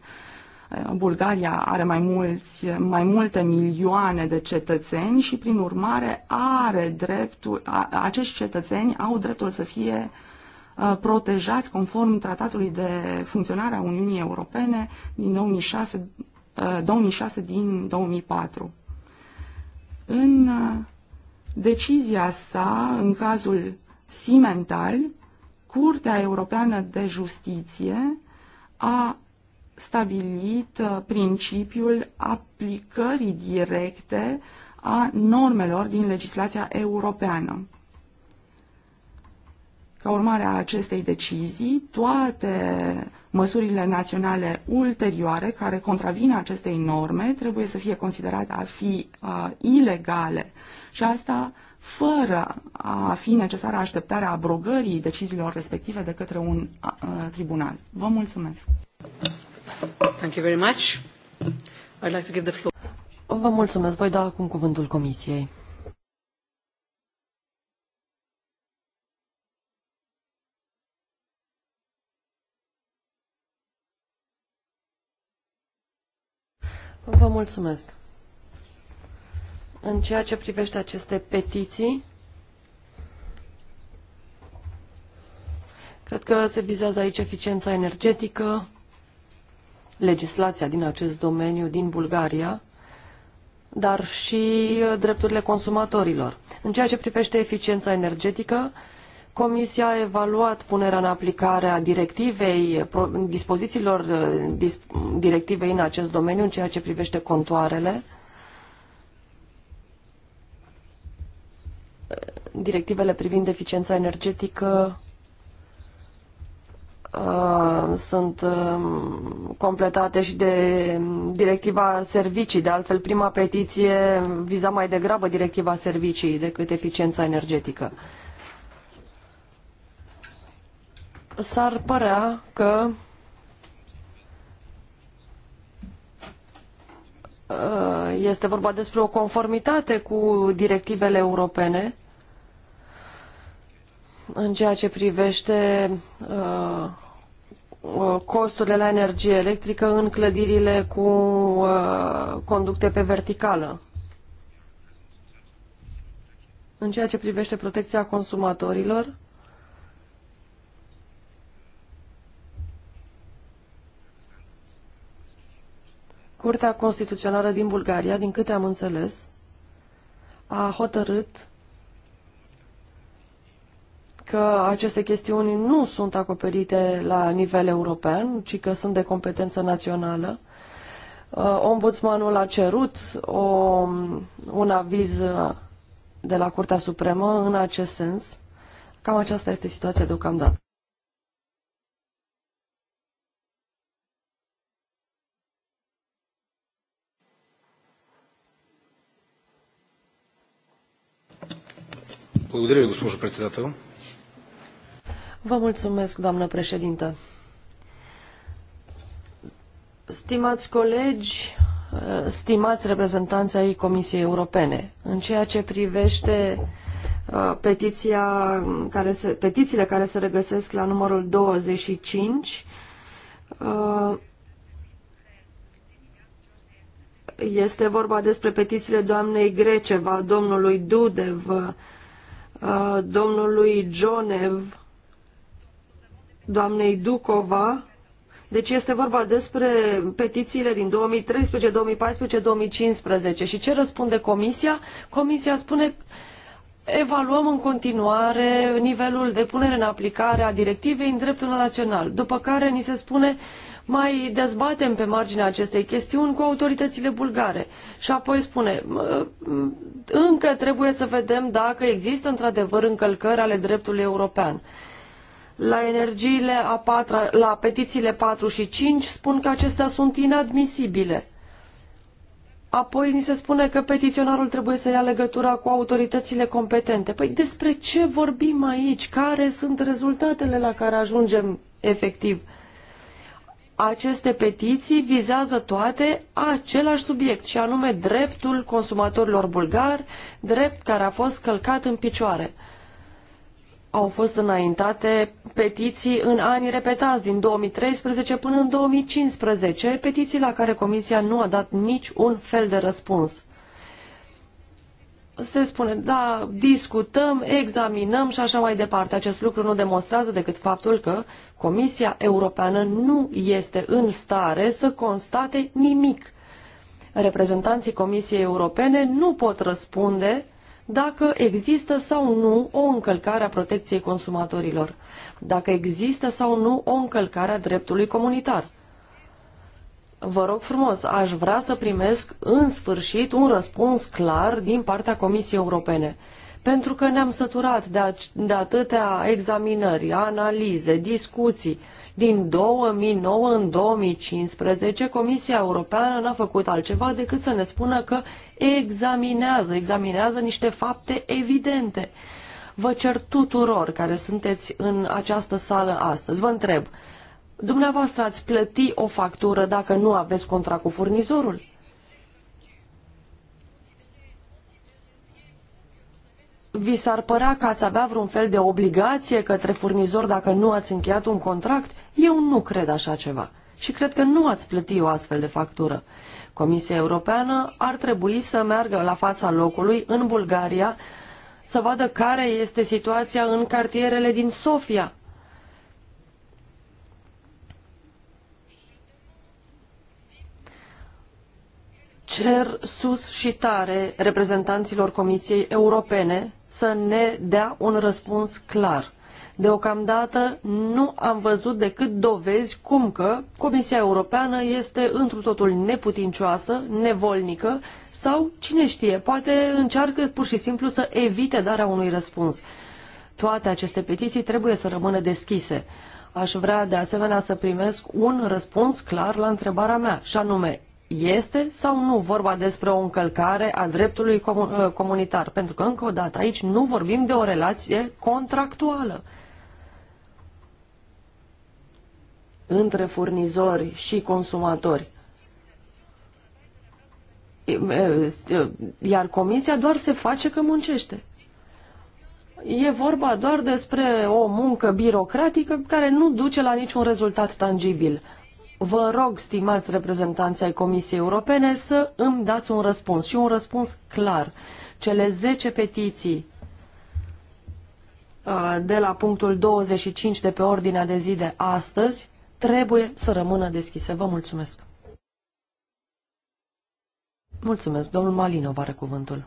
Uh, Bulgaria are mai, mulți, mai multe milioane de cetățeni și, prin urmare, are dreptul, acești cetățeni au dreptul să fie uh, protejați conform Tratatului de Funcționare a Uniunii Europene din 2006, 2006 din 2004. În uh, decizia sa, în cazul Simental, Curtea Europeană de Justiție a stabilit uh, principiul aplicării directe a normelor din legislația europeană. Ca urmare a acestei decizii, toate Măsurile naționale ulterioare care contravin acestei norme trebuie să fie considerate a fi uh, ilegale și asta fără a fi necesară așteptarea abrogării deciziilor respective de către un uh, tribunal. Vă mulțumesc. Thank you very much. I'd like to give the floor. Vă mulțumesc. Voi da acum cuvântul Comisiei. Vă mulțumesc. În ceea ce privește aceste petiții, cred că se vizează aici eficiența energetică, legislația din acest domeniu din Bulgaria, dar și drepturile consumatorilor. În ceea ce privește eficiența energetică, Comisia a evaluat punerea în aplicare a directivei, dispozițiilor uh, directivei în acest domeniu, în ceea ce privește contoarele. Directivele privind eficiența energetică uh, sunt uh, completate și de directiva servicii. De altfel, prima petiție viza mai degrabă directiva servicii decât eficiența energetică. s-ar părea că uh, este vorba despre o conformitate cu directivele europene în ceea ce privește uh, uh, costurile la energie electrică în clădirile cu conducte pe verticală. În ceea ce privește protecția consumatorilor, Curtea Constituțională din Bulgaria, din câte am înțeles, a hotărât că aceste chestiuni nu sunt acoperite la nivel european, ci că sunt de competență națională. Uh, ombudsmanul a cerut o, un aviz de la Curtea Supremă în acest sens. Cam aceasta este situația deocamdată. Vă mulțumesc, președintă. Stimați colegi, stimați reprezentanți ai Comisiei Europene, în ceea ce privește uh, petiția care se, petițiile care se regăsesc la numărul 25, uh, este vorba despre petițiile doamnei Greceva, domnului Dudev, domnului Jonev, doamnei Ducova. Deci este vorba despre petițiile din 2013, 2014, 2015. Și ce răspunde Comisia? Comisia spune evaluăm în continuare nivelul de punere în aplicare a directivei în dreptul național, după care ni se spune uh, mai dezbatem pe marginea acestei chestiuni cu autoritățile bulgare. Și apoi spune, încă trebuie să vedem dacă există într-adevăr încălcări ale dreptului european. La energiile a patra, la petițiile 4 și 5 spun că acestea sunt inadmisibile. Apoi ni se spune că petiționarul trebuie să ia legătura cu autoritățile competente. Păi despre ce vorbim aici? Care sunt rezultatele la care ajungem efectiv? aceste petiții vizează toate același subiect, și anume dreptul consumatorilor bulgari, drept care a fost călcat în picioare. Au fost înaintate petiții în anii repetați, din 2013 până în 2015, petiții la care Comisia nu a dat nici un fel de răspuns se spune, da, discutăm, examinăm și așa mai departe. Acest lucru nu demonstrează decât faptul că Comisia Europeană nu este în stare să constate nimic. Reprezentanții Comisiei Europene nu pot răspunde dacă există sau nu o încălcare a protecției consumatorilor, dacă există sau nu o încălcare a dreptului comunitar. Vă rog frumos, aș vrea să primesc în sfârșit un răspuns clar din partea Comisiei Europene. Pentru că ne-am săturat de, a, de atâtea examinări, analize, discuții. Din 2009 în 2015, Comisia Europeană n-a făcut altceva decât să ne spună că examinează, examinează niște fapte evidente. Vă cer tuturor care sunteți în această sală astăzi, vă întreb, Dumneavoastră ați plăti o factură dacă nu aveți contract cu furnizorul? Vi s-ar părea că ați avea vreun fel de obligație către furnizor dacă nu ați încheiat un contract? Eu nu cred așa ceva și cred că nu ați plăti o astfel de factură. Comisia Europeană ar trebui să meargă la fața locului în Bulgaria să vadă care este situația în cartierele din Sofia, cer sus și tare reprezentanților Comisiei Europene să ne dea un răspuns clar. Deocamdată nu am văzut decât dovezi cum că Comisia Europeană este întru totul neputincioasă, nevolnică sau, cine știe, poate încearcă pur și simplu să evite darea unui răspuns. Toate aceste petiții trebuie să rămână deschise. Aș vrea de asemenea să primesc un răspuns clar la întrebarea mea, și anume, este sau nu vorba despre o încălcare a dreptului uh, comunitar? Pentru că, încă o dată, aici nu vorbim de o relație contractuală între furnizori și consumatori. Iar comisia doar se face că muncește. E vorba doar despre o muncă birocratică care nu duce la niciun rezultat tangibil vă rog, stimați reprezentanții ai Comisiei Europene, să îmi dați un răspuns și un răspuns clar. Cele 10 petiții uh, de la punctul 25 de pe ordinea de zi de astăzi trebuie să rămână deschise. Vă mulțumesc! Mulțumesc, domnul Malinov are cuvântul.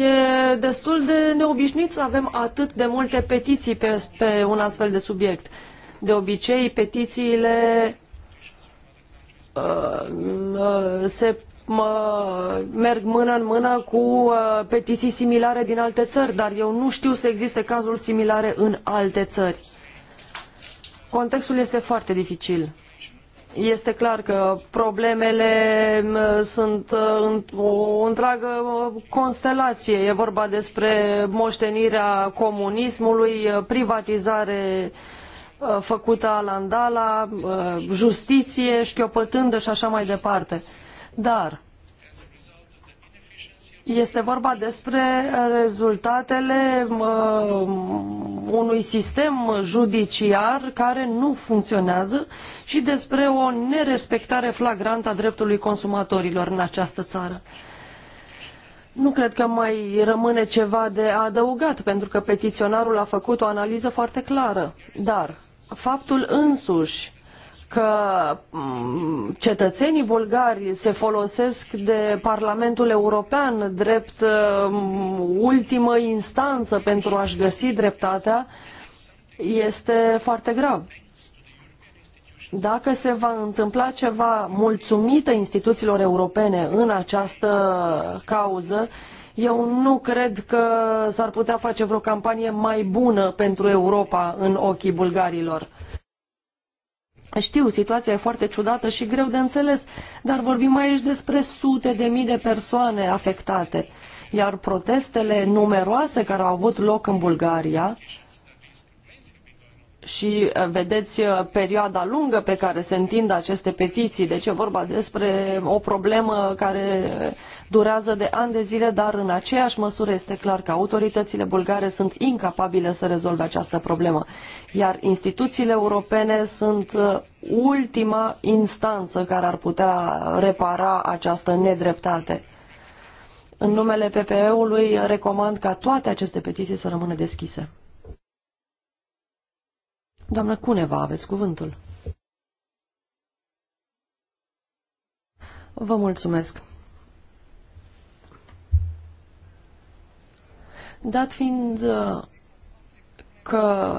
E destul de neobișnuit să avem atât de multe petiții pe, pe un astfel de subiect. De obicei, petițiile uh, uh, se mă, merg mână în mână cu uh, petiții similare din alte țări, dar eu nu știu să existe cazuri similare în alte țări. Contextul este foarte dificil. Este clar că problemele sunt uh, o întreagă constelație. E vorba despre moștenirea comunismului, uh, privatizare uh, făcută alandala, justiție, șchiopătândă și așa mai departe. Dar este vorba despre rezultatele uh, unui sistem judiciar care nu funcționează și despre o nerespectare flagrantă a dreptului consumatorilor în această țară. Nu cred că mai rămâne ceva de adăugat, pentru că petiționarul a făcut o analiză foarte clară, dar faptul însuși că mm, cetățenii bulgari se folosesc de Parlamentul European drept mm, ultimă instanță pentru a-și găsi dreptatea, este foarte grav. Dacă se va întâmpla ceva mulțumită instituțiilor europene în această cauză, eu nu cred că s-ar putea face vreo campanie mai bună pentru Europa în ochii bulgarilor. Știu, situația e foarte ciudată și greu de înțeles, dar vorbim aici despre sute de mii de persoane afectate. Iar protestele numeroase care au avut loc în Bulgaria și uh, vedeți uh, perioada lungă pe care se întind aceste petiții. Deci e vorba despre o problemă care durează de ani de zile, dar în aceeași măsură este clar că autoritățile bulgare sunt incapabile să rezolve această problemă. Iar instituțiile europene sunt uh, ultima instanță care ar putea repara această nedreptate. În numele PPE-ului recomand ca toate aceste petiții să rămână deschise. Doamnă Cuneva, aveți cuvântul. Vă mulțumesc. Dat fiind uh, că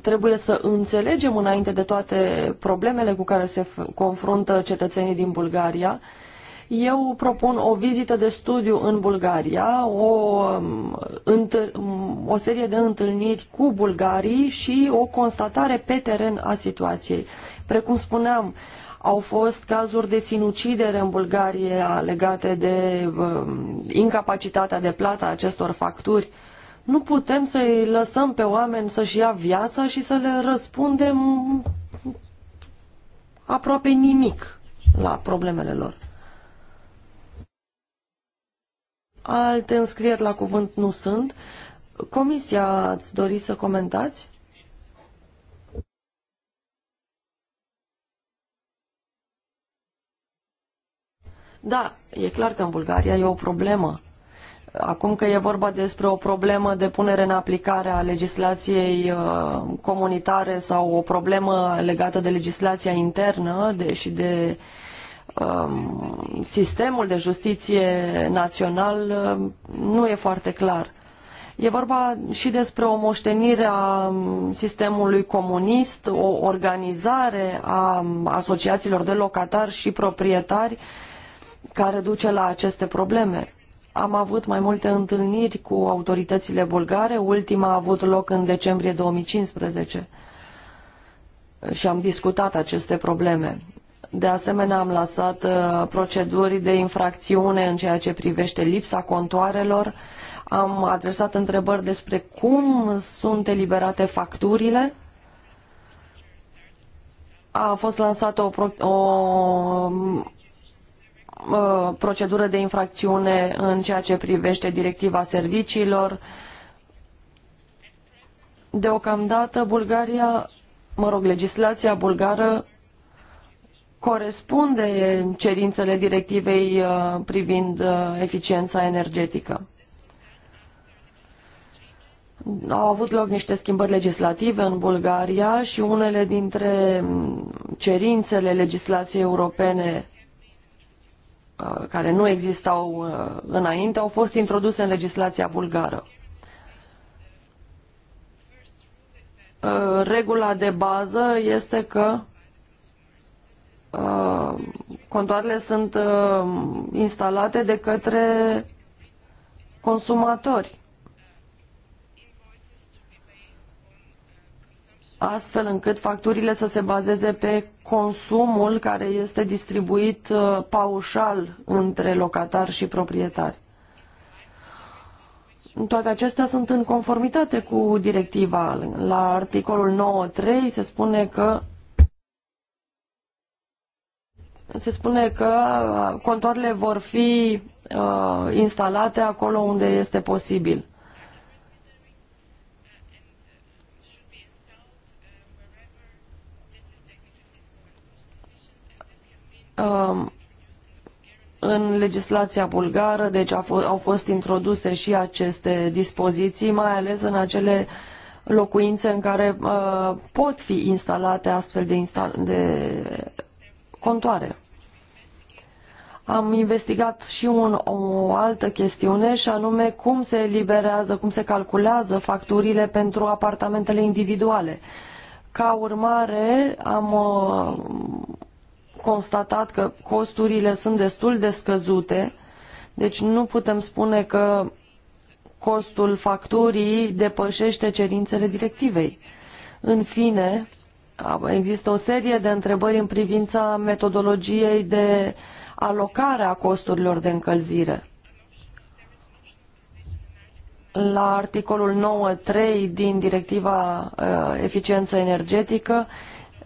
trebuie să înțelegem înainte de toate problemele cu care se confruntă cetățenii din Bulgaria, eu propun o vizită de studiu în Bulgaria, o, um, um, o serie de întâlniri cu bulgarii și o constatare pe teren a situației. Precum spuneam, au fost cazuri de sinucidere în Bulgaria legate de um, incapacitatea de plată a acestor facturi. Nu putem să-i lăsăm pe oameni să-și ia viața și să le răspundem aproape nimic la problemele lor. Alte înscrieri la cuvânt nu sunt. Comisia, ați dori să comentați? Da, e clar că în Bulgaria e o problemă. Acum că e vorba despre o problemă de punere în aplicare a legislației uh, comunitare sau o problemă legată de legislația internă de, și de uh, Um, sistemul de justiție național um, nu e foarte clar. E vorba și despre o moștenire a um, sistemului comunist, o organizare a asociațiilor de locatari și proprietari care duce la aceste probleme. Am avut mai multe întâlniri cu autoritățile bulgare, ultima a avut loc în decembrie 2015 și am discutat aceste probleme. De asemenea, am lansat uh, proceduri de infracțiune în ceea ce privește lipsa contoarelor. Am adresat întrebări despre cum sunt eliberate facturile. A fost lansată o, pro o uh, procedură de infracțiune în ceea ce privește directiva serviciilor. Deocamdată, Bulgaria, mă rog, legislația bulgară corespunde cerințele directivei uh, privind uh, eficiența energetică. Au avut loc niște schimbări legislative în Bulgaria și unele dintre cerințele legislației europene uh, care nu existau înainte au fost introduse în legislația bulgară. Regula de bază este că Uh, contoarele sunt uh, instalate de către consumatori. astfel încât facturile să se bazeze pe consumul care este distribuit uh, paușal între locatar și proprietari. Toate acestea sunt în conformitate cu directiva. La articolul 9.3 se spune că se spune că contoarele vor fi uh, instalate acolo unde este posibil. Um, în legislația bulgară, deci au fost introduse și aceste dispoziții, mai ales în acele locuințe în care uh, pot fi instalate astfel de, insta de contoare am investigat și un, o altă chestiune și anume cum se eliberează, cum se calculează facturile pentru apartamentele individuale. Ca urmare, am uh, constatat că costurile sunt destul de scăzute, deci nu putem spune că costul facturii depășește cerințele directivei. În fine, există o serie de întrebări în privința metodologiei de uh, alocare a costurilor de încălzire. La articolul 9.3 din directiva uh, eficiență energetică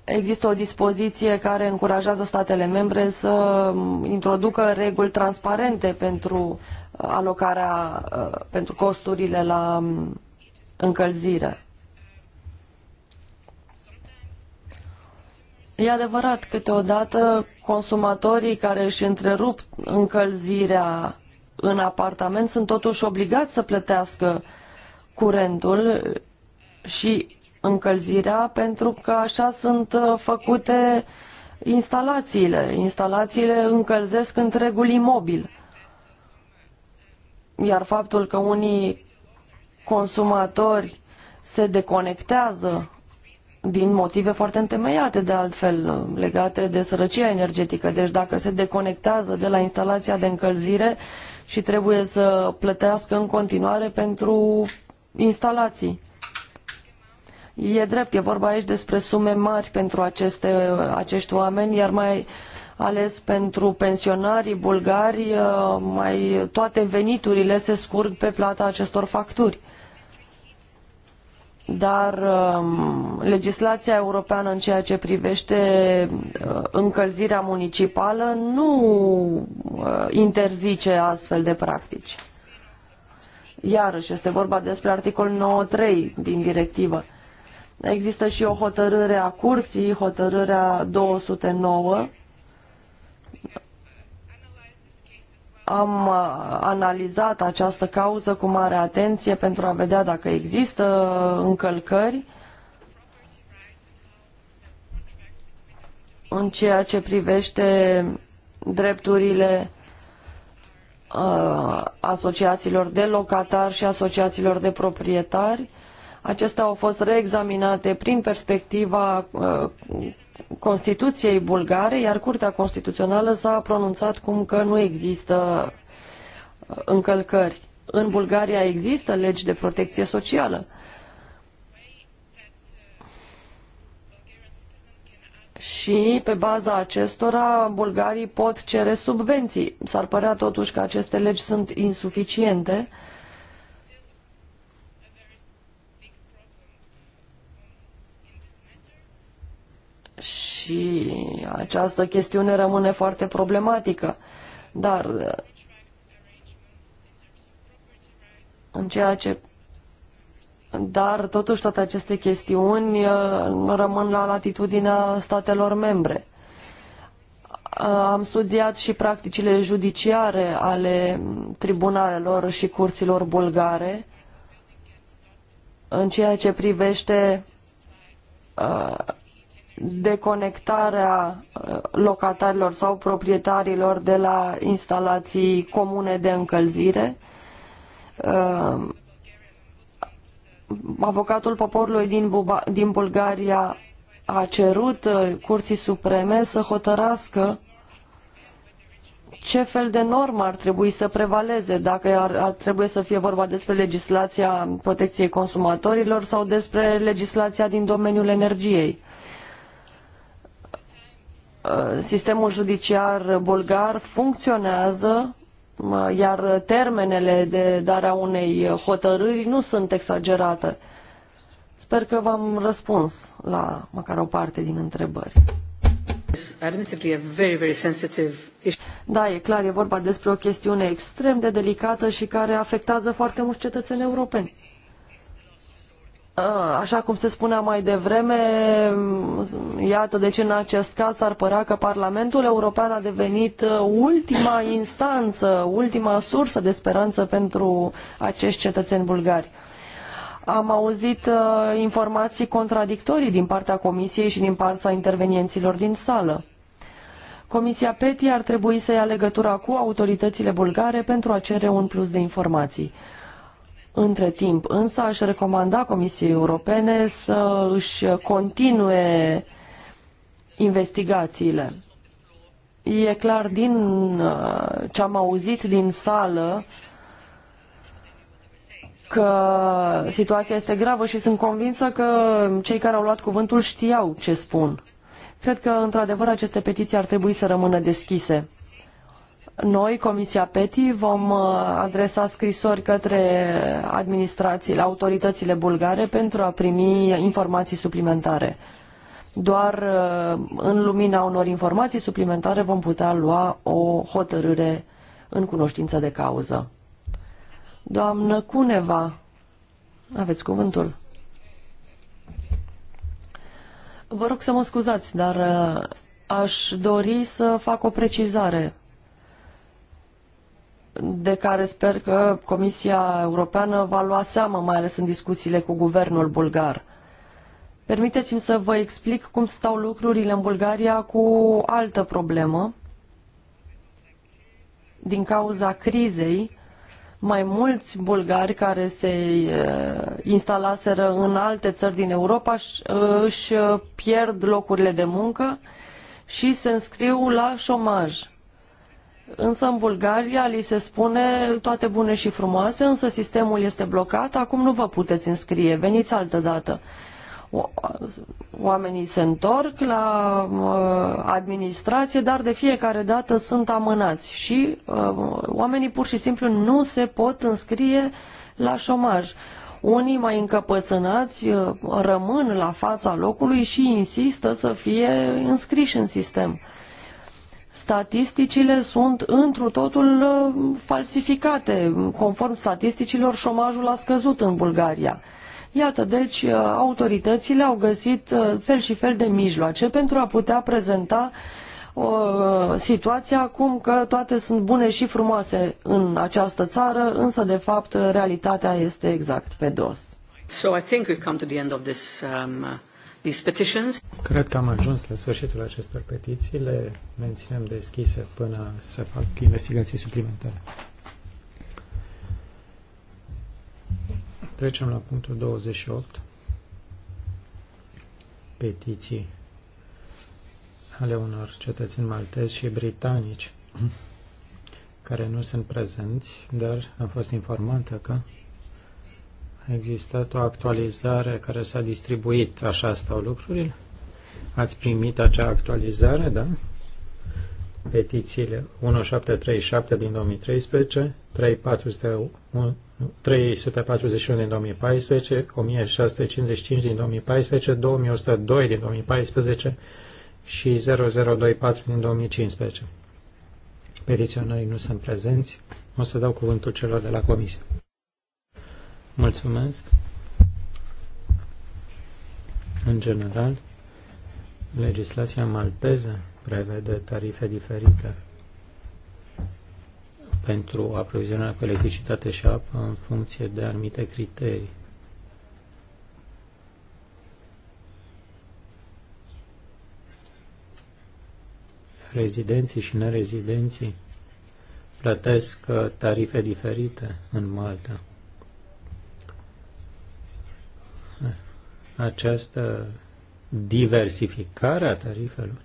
există o dispoziție care încurajează statele membre să um, introducă reguli transparente pentru uh, alocarea, uh, pentru costurile la um, încălzire. E adevărat, câteodată consumatorii care își întrerup încălzirea în apartament sunt totuși obligați să plătească curentul și încălzirea pentru că așa sunt uh, făcute instalațiile. Instalațiile încălzesc întregul imobil. Iar faptul că unii consumatori se deconectează din motive foarte întemeiate, de altfel, legate de sărăcia energetică. Deci dacă se deconectează de la instalația de încălzire și trebuie să plătească în continuare pentru instalații. E drept, e vorba aici despre sume mari pentru aceste, acești oameni, iar mai ales pentru pensionarii bulgari, mai toate veniturile se scurg pe plata acestor facturi dar um, legislația europeană în ceea ce privește uh, încălzirea municipală nu uh, interzice astfel de practici. Iarăși, este vorba despre articolul 9.3 din directivă. Există și o hotărâre a curții, hotărârea 209, Am uh, analizat această cauză cu mare atenție pentru a vedea dacă există încălcări în ceea ce privește drepturile uh, asociațiilor de locatari și asociațiilor de proprietari. Acestea au fost reexaminate prin perspectiva uh, Constituției bulgare, iar Curtea Constituțională s-a pronunțat cum că nu există uh, încălcări. În Bulgaria există legi de protecție socială. și pe baza acestora bulgarii pot cere subvenții. S-ar părea totuși că aceste legi sunt insuficiente uh, și această chestiune rămâne foarte problematică. Dar în ceea ce dar totuși toate aceste chestiuni uh, rămân la latitudinea statelor membre. Uh, am studiat și practicile judiciare ale tribunalelor și curților bulgare în ceea ce privește uh, deconectarea uh, locatarilor sau proprietarilor de la instalații comune de încălzire. Uh, avocatul poporului din, Buba, din Bulgaria a cerut uh, Curții Supreme să hotărască ce fel de normă ar trebui să prevaleze, dacă ar, ar trebui să fie vorba despre legislația protecției consumatorilor sau despre legislația din domeniul energiei. Uh, sistemul judiciar bulgar funcționează, uh, iar termenele de darea unei hotărâri nu sunt exagerate. Sper că v-am răspuns la măcar o parte din întrebări. Da, e clar, e vorba despre o chestiune extrem de delicată și care afectează foarte mulți cetățeni europeni. Ah, așa cum se spunea mai devreme, iată de ce în acest caz ar părea că Parlamentul European a devenit ah, ultima instanță, ultima sursă de speranță pentru acești cetățeni bulgari. Am auzit uh, informații contradictorii din partea Comisiei și din partea intervenienților din sală. Comisia PETI ar trebui să ia legătura cu autoritățile bulgare pentru a cere un plus de informații. Între timp, însă, aș recomanda Comisiei Europene să își continue investigațiile. E clar din uh, ce am auzit din sală că situația este gravă și sunt convinsă că cei care au luat cuvântul știau ce spun. Cred că, într-adevăr, aceste petiții ar trebui să rămână deschise. Noi, Comisia PETI, vom uh, adresa scrisori către administrațiile, autoritățile bulgare pentru a primi informații suplimentare. Doar uh, în lumina unor informații suplimentare vom putea lua o hotărâre în cunoștință de cauză. Doamnă Cuneva, aveți cuvântul. Vă rog să mă scuzați, dar uh, aș dori să fac o precizare de care sper că Comisia Europeană va lua seama mai ales în discuțiile cu guvernul bulgar. Permiteți-mi să vă explic cum stau lucrurile în Bulgaria cu o altă problemă. Din cauza crizei, mai mulți bulgari care se eh, instalaseră în alte țări din Europa își pierd locurile de muncă și se înscriu la șomaj. Însă în Bulgaria li se spune toate bune și frumoase, însă sistemul este blocat, acum nu vă puteți înscrie, veniți altă dată. Oamenii se întorc la uh, administrație, dar de fiecare dată sunt amânați și uh, oamenii pur și simplu nu se pot înscrie la șomaj. Unii mai încăpățânați uh, rămân la fața locului și insistă să fie înscriși în sistem statisticile sunt întru totul uh, falsificate. Conform statisticilor, șomajul a scăzut în Bulgaria. Iată, deci, uh, autoritățile au găsit uh, fel și fel de mijloace pentru a putea prezenta o situație acum că toate sunt bune și frumoase în această țară, însă, de fapt, realitatea este exact pe dos. So I think we've come to the end of this um, these petitions. Cred că am ajuns la sfârșitul acestor petiții. Le menținem deschise până să fac investigații suplimentare. Trecem la punctul 28. Petiții ale unor cetățeni maltezi și britanici care nu sunt prezenți, dar am fost informată că a existat o actualizare care s-a distribuit, așa stau lucrurile. Ați primit acea actualizare, da? Petițiile 1737 din 2013, 341 din 2014, 1655 din 2014, 2102 din 2014 și 0024 din 2015. Petiționarii nu sunt prezenți. O să dau cuvântul celor de la comisie. Mulțumesc. În general, legislația malteză prevede tarife diferite pentru aprovizionarea cu electricitate și apă în funcție de anumite criterii. Rezidenții și nerezidenții plătesc uh, tarife diferite în Malta. această diversificare a tarifelor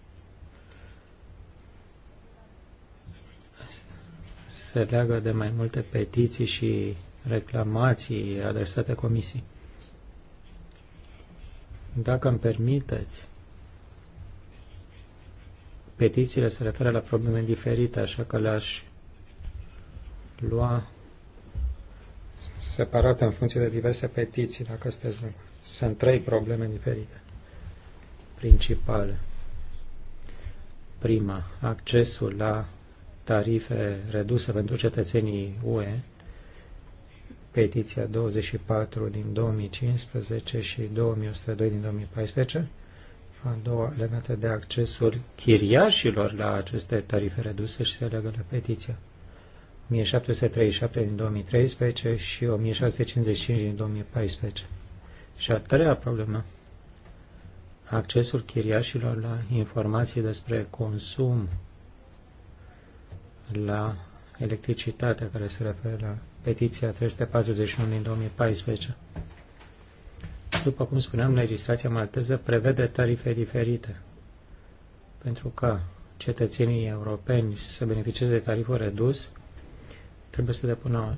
se leagă de mai multe petiții și reclamații adresate comisiei. Dacă îmi permiteți, petițiile se referă la probleme diferite, așa că le-aș lua separate în funcție de diverse petiții, dacă sunteți lucruri. Sunt trei probleme diferite principale. Prima, accesul la tarife reduse pentru cetățenii UE, petiția 24 din 2015 și 2102 din 2014, a doua legată de accesul chiriașilor la aceste tarife reduse și se legă de petiția 1737 din 2013 și 1655 din 2014. Și a treia problemă, accesul chiriașilor la informații despre consum, la electricitatea care se referă la petiția 341 din 2014. După cum spuneam, legislația malteză prevede tarife diferite pentru ca cetățenii europeni să beneficieze de tariful redus, trebuie să depună o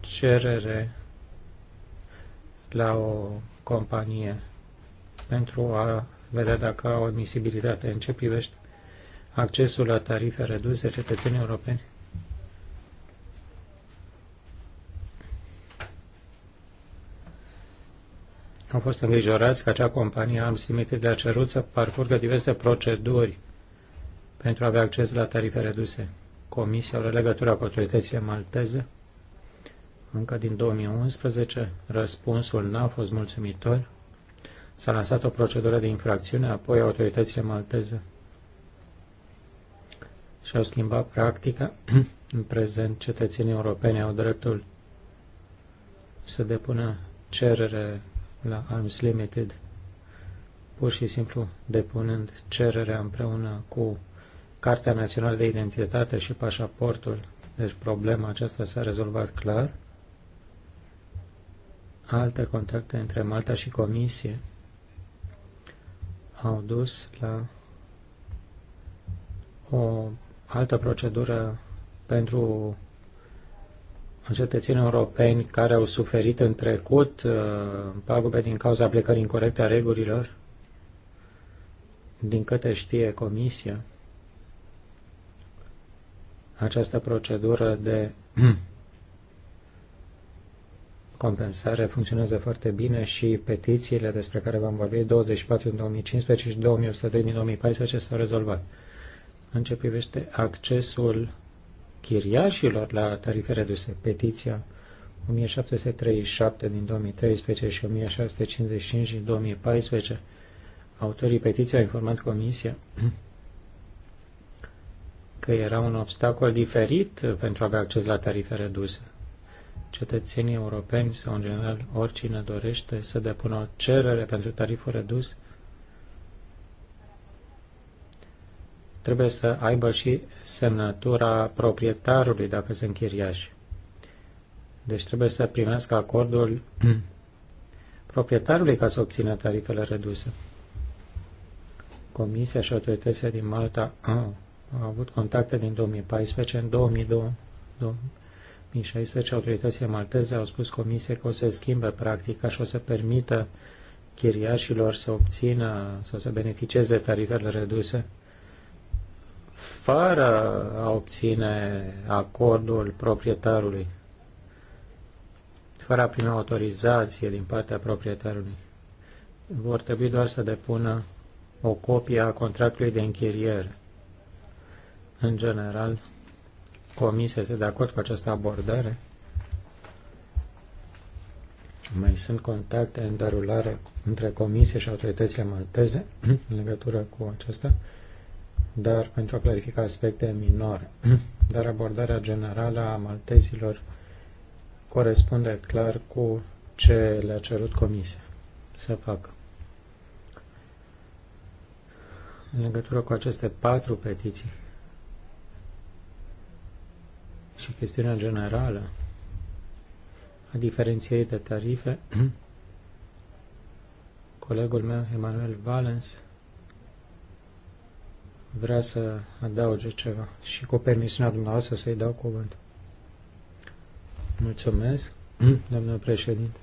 cerere la o companie pentru a vedea dacă au admisibilitate. În ce privește accesul la tarife reduse cetățenii europeni? Au fost îngrijorați că acea companie am simțit de a cerut să parcurgă diverse proceduri pentru a avea acces la tarife reduse. Comisia are legătura cu autoritățile malteze încă din 2011, răspunsul n-a fost mulțumitor. S-a lansat o procedură de infracțiune, apoi autoritățile malteze și-au schimbat practica. În prezent, cetățenii europeni au dreptul să depună cerere la Arms Limited, pur și simplu depunând cererea împreună cu Cartea Națională de Identitate și pașaportul. Deci problema aceasta s-a rezolvat clar alte contacte între Malta și Comisie au dus la o altă procedură pentru cetățenii europeni care au suferit în trecut uh, pagube din cauza aplicării incorrecte a regulilor, din câte știe Comisia, această procedură de compensare funcționează foarte bine și petițiile despre care v-am vorbit, 24 din 2015 și 2102 din 2014, s-au rezolvat. În ce privește accesul chiriașilor la tarife reduse, petiția 1737 din 2013 și 1655 din 2014, autorii petiției au informat Comisia că era un obstacol diferit pentru a avea acces la tarife reduse cetățenii europeni sau, în general, oricine dorește să depună o cerere pentru tariful redus, trebuie să aibă și semnătura proprietarului dacă sunt chiriași. Deci trebuie să primească acordul proprietarului ca să obțină tarifele reduse. Comisia și autoritățile din Malta au, au avut contacte din 2014 în 2002, 2016, autoritățile malteze au spus comisie că o să schimbe practica și o să permită chiriașilor să obțină sau să beneficieze tarifele reduse fără a obține acordul proprietarului, fără a primi autorizație din partea proprietarului. Vor trebui doar să depună o copie a contractului de închiriere. În general, Comisia este de acord cu această abordare? Mai sunt contacte în derulare între Comisie și autoritățile malteze în legătură cu acesta, dar pentru a clarifica aspecte minore. Dar abordarea generală a maltezilor corespunde clar cu ce le-a cerut Comisia să facă. În legătură cu aceste patru petiții, și chestiunea generală a diferențierii de tarife, colegul meu, Emanuel Valens, vrea să adauge ceva și cu permisiunea dumneavoastră să-i dau cuvânt. Mulțumesc, domnule președinte.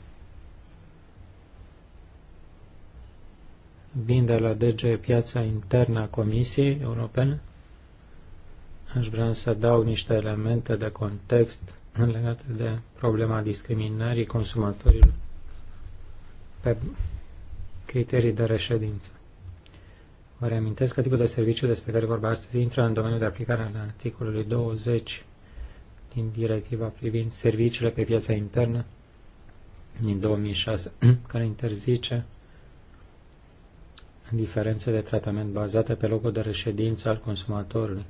Vin de la DG Piața Internă a Comisiei Europene Aș vrea să dau niște elemente de context legate de problema discriminării consumatorilor pe criterii de reședință. Vă reamintesc că tipul de serviciu despre care vorba astăzi intră în domeniul de aplicare al articolului 20 din directiva privind serviciile pe piața internă din 2006, care interzice diferențe de tratament bazate pe locul de reședință al consumatorului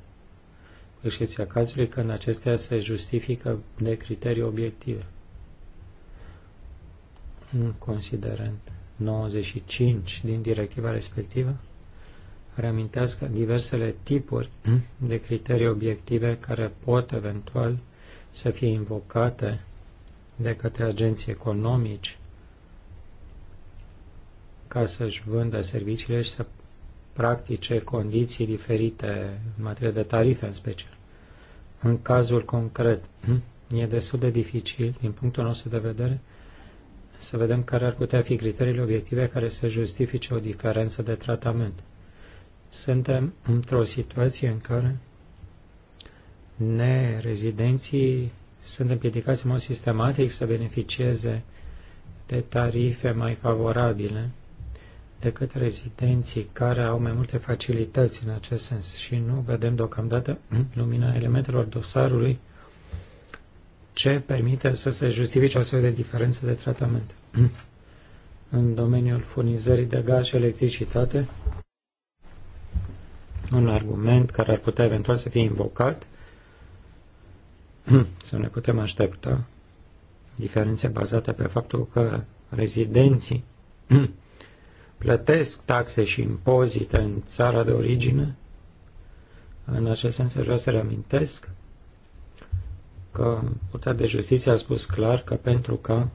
excepția cazului când acestea se justifică de criterii obiective. În considerent 95 din directiva respectivă, reamintească diversele tipuri de criterii obiective care pot eventual să fie invocate de către agenții economici ca să-și vândă serviciile și să practice condiții diferite în materie de tarife în special. În cazul concret, e destul de dificil, din punctul nostru de vedere, să vedem care ar putea fi criteriile obiective care să justifice o diferență de tratament. Suntem într-o situație în care nerezidenții sunt împiedicați în mod sistematic să beneficieze de tarife mai favorabile decât rezidenții care au mai multe facilități în acest sens și nu vedem deocamdată lumina elementelor dosarului ce permite să se justifice astfel de diferențe de tratament. În domeniul furnizării de gaz și electricitate, un argument care ar putea eventual să fie invocat, să ne putem aștepta diferențe bazate pe faptul că rezidenții plătesc taxe și impozite în țara de origine. În acest sens, vreau să reamintesc că Curtea de Justiție a spus clar că pentru ca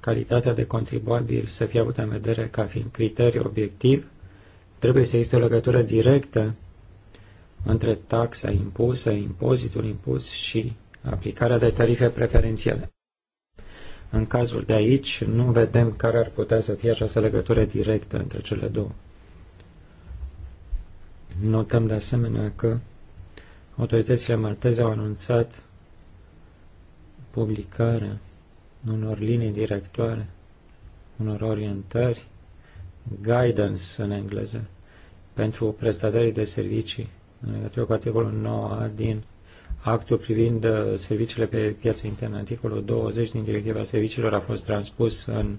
calitatea de contribuabil să fie avută în vedere ca fiind criteriu obiectiv, trebuie să existe o legătură directă între taxa impusă, impozitul impus și aplicarea de tarife preferențiale. În cazul de aici, nu vedem care ar putea să fie această legătură directă între cele două. Notăm de asemenea că autoritățile malteze au anunțat publicarea unor linii directoare, unor orientări, guidance în engleză, pentru prestatorii de servicii în legătură cu articolul 9 din Actul privind uh, serviciile pe piața internă, articolul 20 din directiva serviciilor a fost transpus în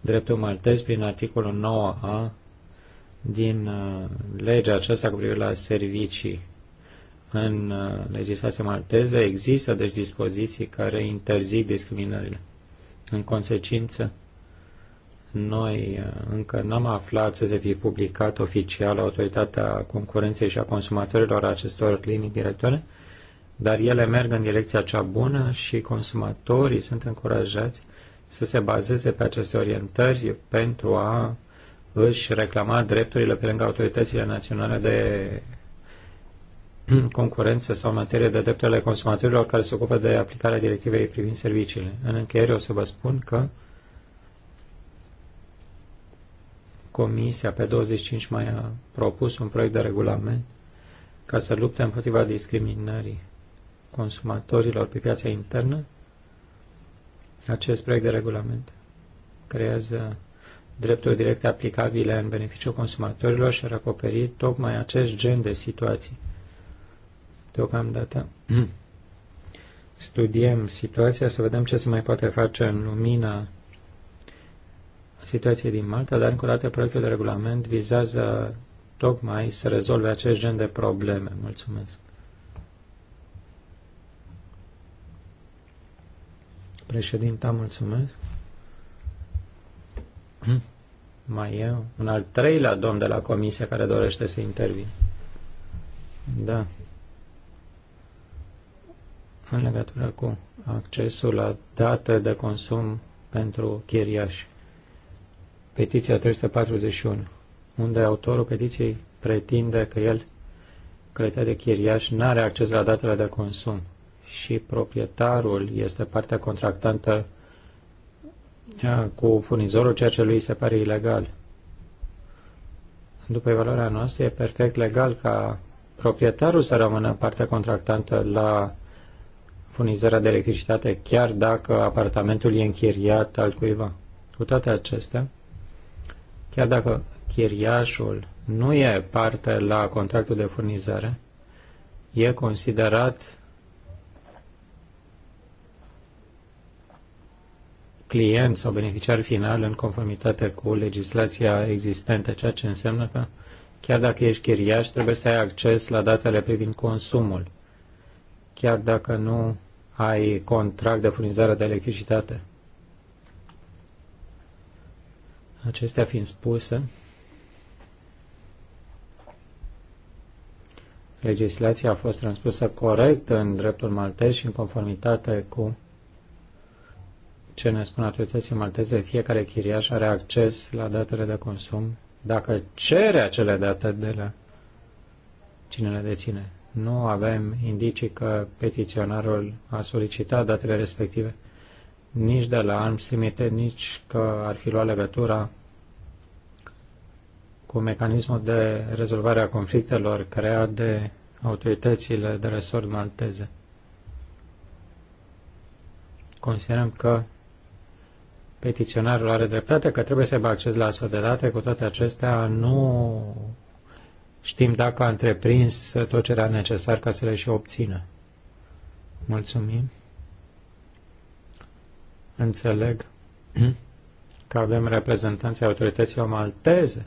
dreptul maltez prin articolul 9a din uh, legea aceasta cu privire la servicii. În uh, legislația malteză există deci dispoziții care interzic discriminările. În consecință, noi încă n-am aflat să se fi publicat oficial autoritatea concurenței și a consumatorilor acestor linii directoare, dar ele merg în direcția cea bună și consumatorii sunt încurajați să se bazeze pe aceste orientări pentru a își reclama drepturile pe lângă autoritățile naționale de concurență sau în materie de drepturile consumatorilor care se ocupă de aplicarea directivei privind serviciile. În încheiere o să vă spun că Comisia pe 25 mai a propus un proiect de regulament ca să lupte împotriva discriminării consumatorilor pe piața internă, acest proiect de regulament creează drepturi directe aplicabile în beneficiul consumatorilor și ar acoperi tocmai acest gen de situații. Deocamdată studiem situația să vedem ce se mai poate face în lumina situației din Malta, dar încă o dată proiectul de regulament vizează tocmai să rezolve acest gen de probleme. Mulțumesc! Președinta, mulțumesc. Hmm. Mai e un al treilea domn de la comisie care dorește să intervin. Da. În legătură cu accesul la date de consum pentru chiriași. Petiția 341, unde autorul petiției pretinde că el, calitate de chiriaș, nu are acces la datele de consum și proprietarul este partea contractantă cu furnizorul, ceea ce lui se pare ilegal. După evaluarea noastră, e perfect legal ca proprietarul să rămână partea contractantă la furnizarea de electricitate, chiar dacă apartamentul e închiriat al cuiva. Cu toate acestea, chiar dacă chiriașul nu e parte la contractul de furnizare, e considerat client sau beneficiar final în conformitate cu legislația existentă, ceea ce înseamnă că chiar dacă ești chiriaș, trebuie să ai acces la datele privind consumul, chiar dacă nu ai contract de furnizare de electricitate. Acestea fiind spuse, legislația a fost transpusă corect în dreptul maltez și în conformitate cu ce ne spun autoritățile malteze, fiecare chiriaș are acces la datele de consum dacă cere acele date de la cine le deține. Nu avem indicii că petiționarul a solicitat datele respective nici de la Alm Simite, nici că ar fi luat legătura cu mecanismul de rezolvare a conflictelor creat de autoritățile de resort malteze. Considerăm că Petiționarul are dreptate că trebuie să aibă acces la astfel de date, cu toate acestea nu știm dacă a întreprins tot ce era necesar ca să le și obțină. Mulțumim. Înțeleg că avem reprezentanții autorităților malteze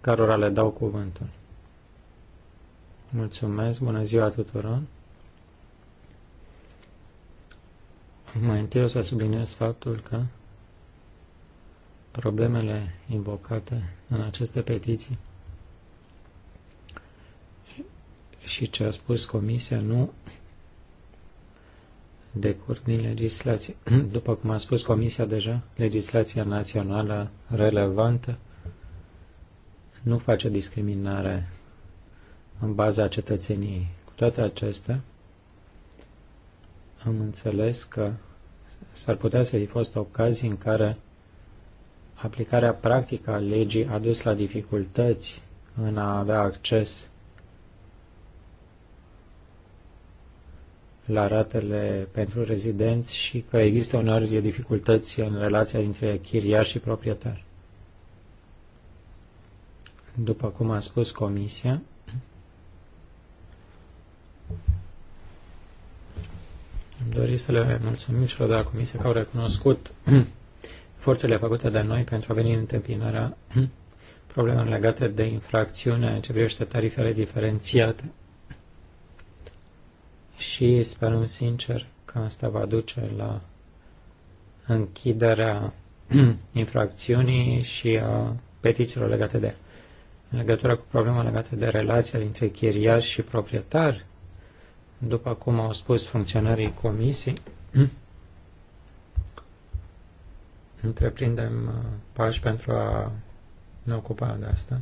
cărora le dau cuvântul. Mulțumesc, bună ziua tuturor. Mai întâi o să subliniez faptul că problemele invocate în aceste petiții și ce a spus Comisia nu decurg din legislație. După cum a spus Comisia deja, legislația națională relevantă nu face discriminare în baza cetățeniei. Cu toate acestea, am înțeles că s-ar putea să fi fost ocazii în care aplicarea practică a legii a dus la dificultăți în a avea acces la ratele pentru rezidenți și că există uneori dificultăți în relația dintre chiriaș și proprietar. După cum a spus comisia, am dorit să le mulțumim celor de la comisie că au recunoscut eforturile făcute de noi pentru a veni în întâmpinarea problemelor legate de infracțiune în ce privește tarifele diferențiate. Și sperăm sincer că asta va duce la închiderea infracțiunii și a petițiilor legate de în legătură cu problema legată de relația dintre chiriaș și proprietar, după cum au spus funcționarii comisii. întreprindem uh, pași pentru a ne ocupa de asta.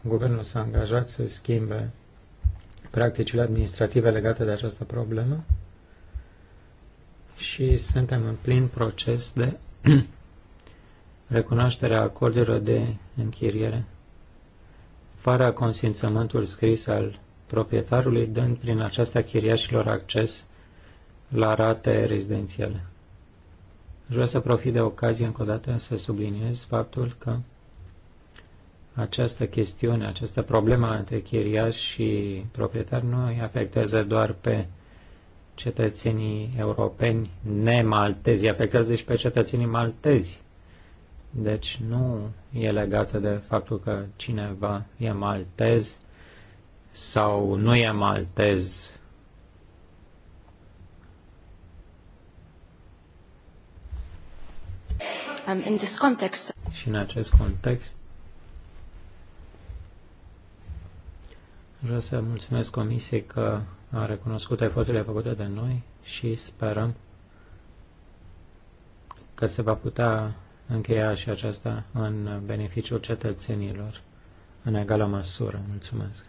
Guvernul s-a angajat să schimbe practicile administrative legate de această problemă și suntem în plin proces de recunoașterea acordurilor de închiriere fără consimțământul scris al proprietarului, dând prin aceasta chiriașilor acces la rate rezidențiale. Aș vrea să profit de ocazie încă o dată să subliniez faptul că această chestiune, această problemă între chiriaș și proprietar nu îi afectează doar pe cetățenii europeni nemaltezi, afectează și pe cetățenii maltezi. Deci nu e legată de faptul că cineva e maltez sau nu e maltez Um, in this context... Și în acest context, vreau să mulțumesc Comisiei că a recunoscut eforturile făcute de noi și sperăm că se va putea încheia și aceasta în beneficiul cetățenilor în egală măsură. Mulțumesc.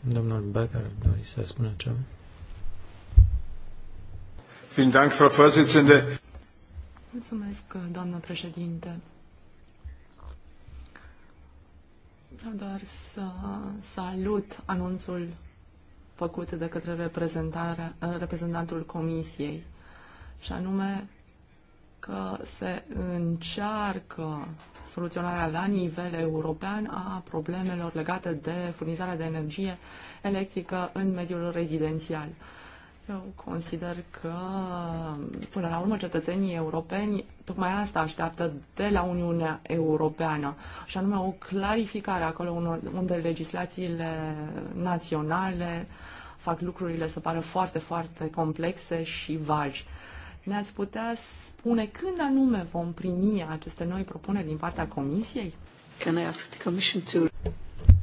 Domnul Becker, doriți să spună ceva? Vielen Mulțumesc, doamnă președinte. Vreau doar să salut anunțul făcut de către reprezentantul Comisiei, și anume că se încearcă soluționarea la nivel european a problemelor legate de furnizarea de energie electrică în mediul rezidențial. Eu consider că, până la urmă, cetățenii europeni tocmai asta așteaptă de la Uniunea Europeană, și anume o clarificare acolo unde legislațiile naționale fac lucrurile să pară foarte, foarte complexe și vagi. Ne-ați putea spune când anume vom primi aceste noi propuneri din partea Comisiei? Can I ask the commission to...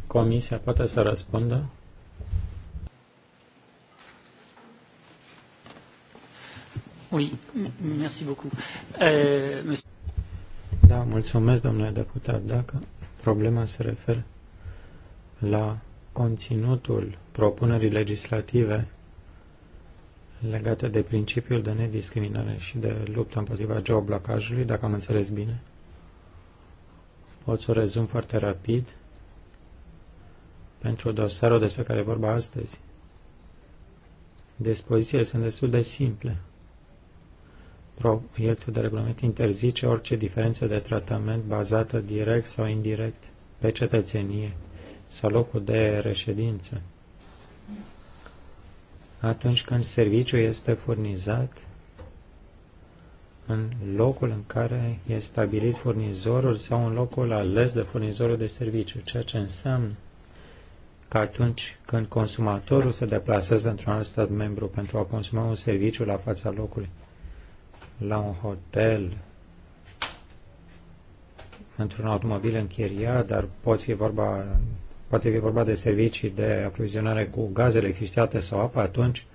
Comisia poate să răspundă? Oui, merci beaucoup. Euh, da, mulțumesc, domnule deputat. Dacă problema se referă la conținutul propunerii legislative legate de principiul de nediscriminare și de luptă împotriva geoblocajului, dacă am înțeles bine. Pot să o rezum foarte rapid pentru dosarul despre care vorba astăzi. Dispozițiile sunt destul de simple proiectul de regulament interzice orice diferență de tratament bazată direct sau indirect pe cetățenie sau locul de reședință. Atunci când serviciul este furnizat, în locul în care e stabilit furnizorul sau în locul ales de furnizorul de serviciu, ceea ce înseamnă că atunci când consumatorul se deplasează într-un alt stat membru pentru a consuma un serviciu la fața locului, la un hotel, într-un automobil închiriat, dar pot fi vorba, poate fi vorba de servicii de aprovizionare cu gaze, electricitate sau apă, atunci,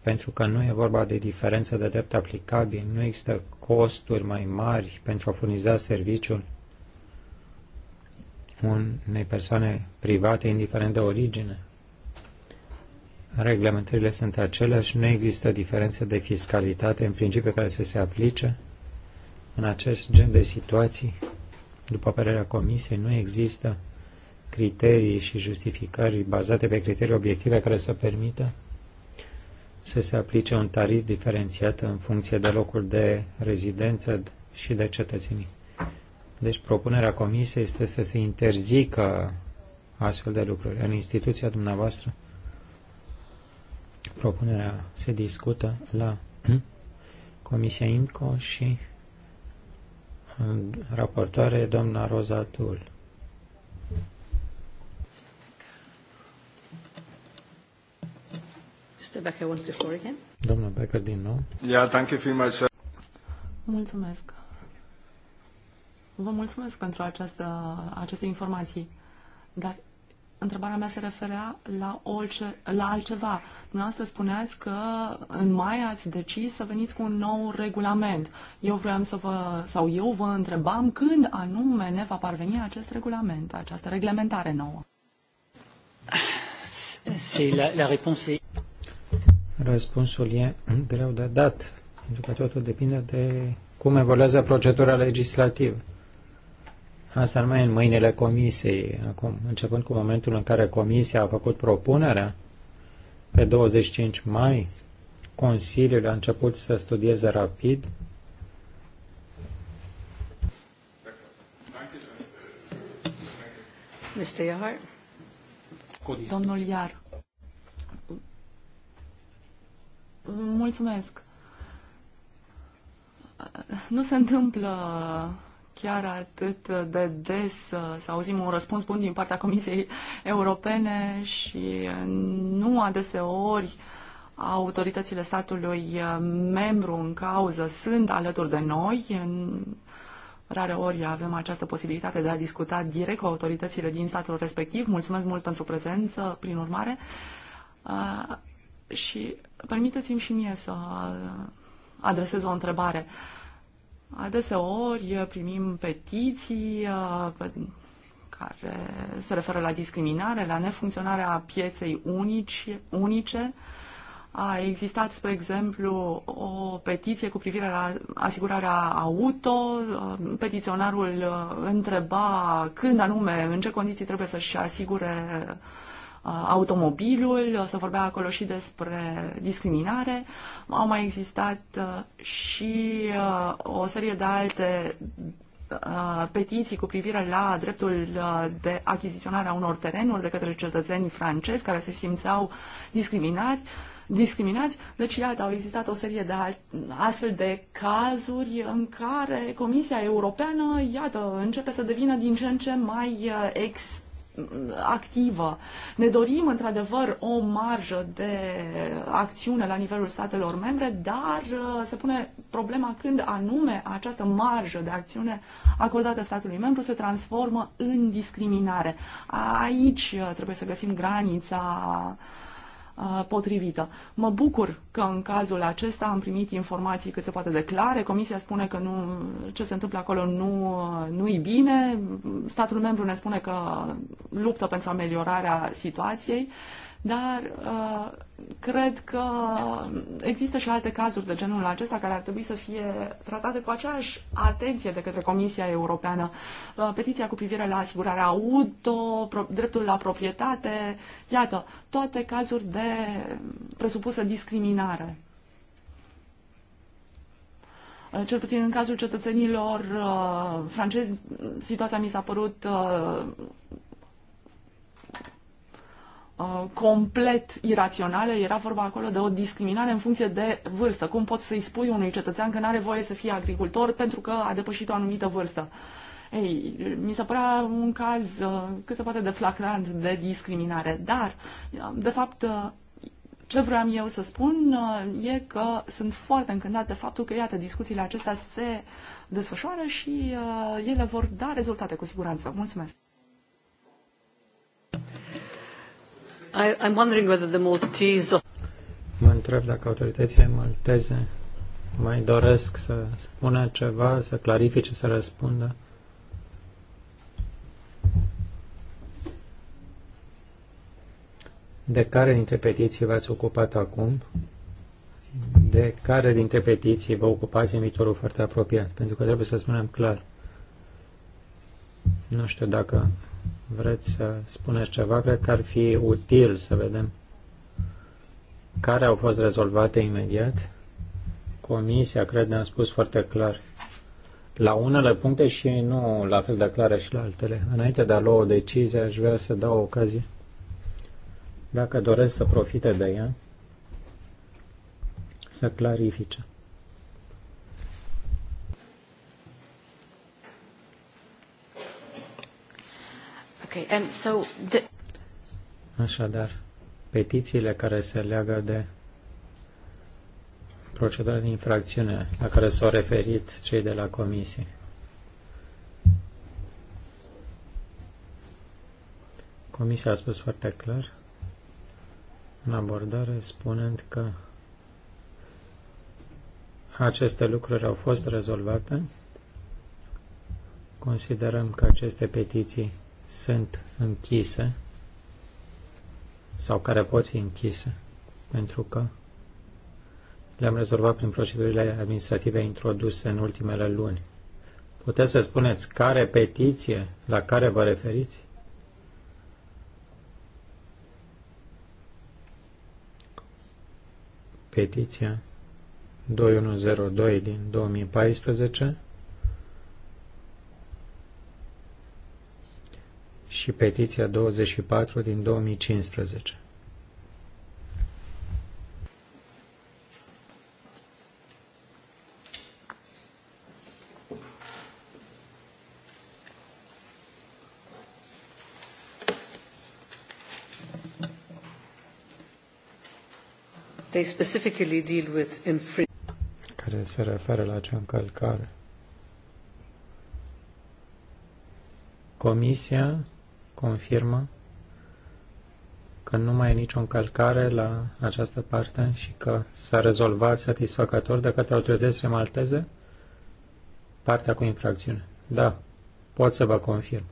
pentru că nu e vorba de diferență de drept aplicabil, nu există costuri mai mari pentru a furniza serviciul unei persoane private, indiferent de origine reglementările sunt aceleași, nu există diferențe de fiscalitate în principiu care să se aplice în acest gen de situații. După părerea Comisiei, nu există criterii și justificări bazate pe criterii obiective care să permită să se aplice un tarif diferențiat în funcție de locul de rezidență și de cetățenii. Deci propunerea Comisiei este să se interzică astfel de lucruri. În instituția dumneavoastră, Propunerea se discută la Comisia INCO și uh, raportoare doamna Roza Mr. Domnul Becker din nou. Yeah, thank you very much. Mulțumesc. Vă mulțumesc pentru această, aceste informații. Dar întrebarea mea se referea la, orice, la altceva. Dumneavoastră spuneați că în mai ați decis să veniți cu un nou regulament. Eu vreau să vă, sau eu vă întrebam când anume ne va parveni acest regulament, această reglementare nouă. La, la réponse Răspunsul e greu de dat, pentru că totul depinde de cum evoluează procedura legislativă. Asta numai în mâinile comisiei. Acum, începând cu momentul în care comisia a făcut propunerea, pe 25 mai, Consiliul a început să studieze rapid Mr. Iar. Domnul Iar. Mulțumesc. Nu se întâmplă chiar atât de des să auzim un răspuns bun din partea Comisiei Europene și nu adeseori autoritățile statului membru în cauză sunt alături de noi. În rare ori avem această posibilitate de a discuta direct cu autoritățile din statul respectiv. Mulțumesc mult pentru prezență, prin urmare. Și permiteți-mi și mie să adresez o întrebare. Uh, Adeseori eh, primim petiții eh, care se referă la discriminare, la nefuncționarea pieței unici, unice. A existat, spre exemplu, o petiție cu privire la asigurarea auto. Eh, petiționarul întreba când anume, în ce condiții trebuie să-și asigure uh, Uh, automobilul, uh, se vorbea acolo și despre discriminare. Au mai existat uh, și o serie de alte petiții cu privire la dreptul de achiziționare a unor terenuri de către cetățenii francezi care se simțeau discriminați discriminați. Deci, iată, au existat o serie de astfel de cazuri în care Comisia Europeană, iată, începe să devină din ce în ce mai expert activă. Ne dorim, într-adevăr, o marjă de acțiune la nivelul statelor membre, dar uh, se pune problema când anume această marjă de acțiune acordată statului membru se transformă în discriminare. Aici uh, trebuie să găsim granița uh, Uh, potrivită. Mă bucur că în cazul acesta am primit informații cât se poate de clare. Comisia spune că nu, ce se întâmplă acolo nu, uh, nu e bine. Statul membru ne spune că luptă pentru ameliorarea situației dar uh, cred că există și alte cazuri de genul acesta care ar trebui să fie tratate cu aceeași atenție de către Comisia Europeană. Uh, petiția cu privire la asigurarea auto, pro, dreptul la proprietate, iată, toate cazuri de presupusă discriminare uh, cel puțin în cazul cetățenilor uh, francezi, situația mi s-a părut uh, Uh, complet iraționale. Era vorba acolo de o discriminare în funcție de vârstă. Cum poți să-i spui unui cetățean că nu are voie să fie agricultor pentru că a depășit o anumită vârstă? Ei, mi se părea un caz uh, cât se poate de flagrant de discriminare, dar, uh, de fapt, ce vreau eu să spun e că sunt foarte încântat de faptul că, iată, discuțiile acestea se desfășoară și ele vor da rezultate cu siguranță. Mulțumesc! I'm wondering whether the Maltese... Mă întreb dacă autoritățile malteze mai doresc să spună ceva, să clarifice, să răspundă. De care dintre petiții v-ați ocupat acum? De care dintre petiții vă ocupați în viitorul foarte apropiat? Pentru că trebuie să spunem clar. Nu știu dacă vreți să spuneți ceva, cred că ar fi util să vedem care au fost rezolvate imediat. Comisia, cred, ne-a spus foarte clar la unele puncte și nu la fel de clare și la altele. Înainte de a lua o decizie, aș vrea să dau o ocazie, dacă doresc să profite de ea, să clarifice. Okay, and so the... Așadar, petițiile care se leagă de procedura de infracțiune la care s-au referit cei de la comisie. Comisia a spus foarte clar în abordare, spunând că aceste lucruri au fost rezolvate. Considerăm că aceste petiții sunt închise sau care pot fi închise pentru că le-am rezolvat prin procedurile administrative introduse în ultimele luni. Puteți să spuneți care petiție la care vă referiți? Petiția 2102 din 2014 și petiția 24 din 2015. They specifically deal with care se referă la acea încălcare. Comisia confirmă că nu mai e nicio încălcare la această parte și că s-a rezolvat satisfăcător de către autoritățile malteze partea cu infracțiune. Da, pot să vă confirm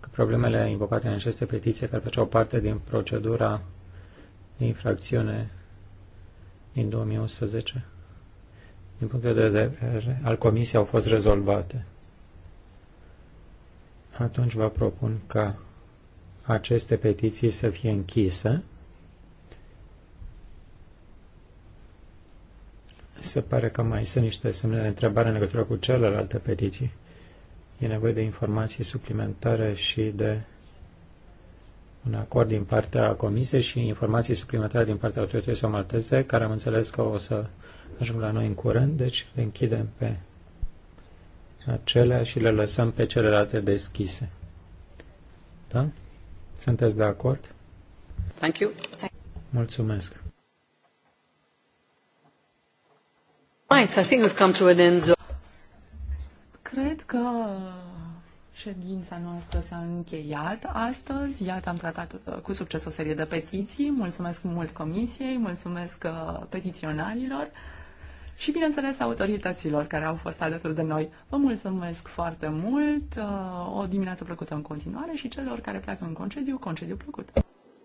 că problemele invocate în aceste petiții care făceau parte din procedura de infracțiune din 2011 din punct de vedere al Comisiei au fost rezolvate atunci vă propun ca aceste petiții să fie închise. Se pare că mai sunt niște semne de întrebare în legătură cu celelalte petiții. E nevoie de informații suplimentare și de un acord din partea Comisiei și informații suplimentare din partea autorității malteze, care am înțeles că o să ajung la noi în curând, deci le închidem pe acelea și le lăsăm pe celelalte deschise. Da? Sunteți de acord? Thank you. Mulțumesc. Right, I think we've come to an end. Cred că ședința noastră s-a încheiat astăzi. Iată, am tratat uh, cu succes o serie de petiții. Mulțumesc mult comisiei, mulțumesc uh, petiționarilor și, bineînțeles, autorităților care au fost alături de noi. Vă mulțumesc foarte mult, uh, o dimineață plăcută în continuare și celor care pleacă în concediu, concediu plăcut!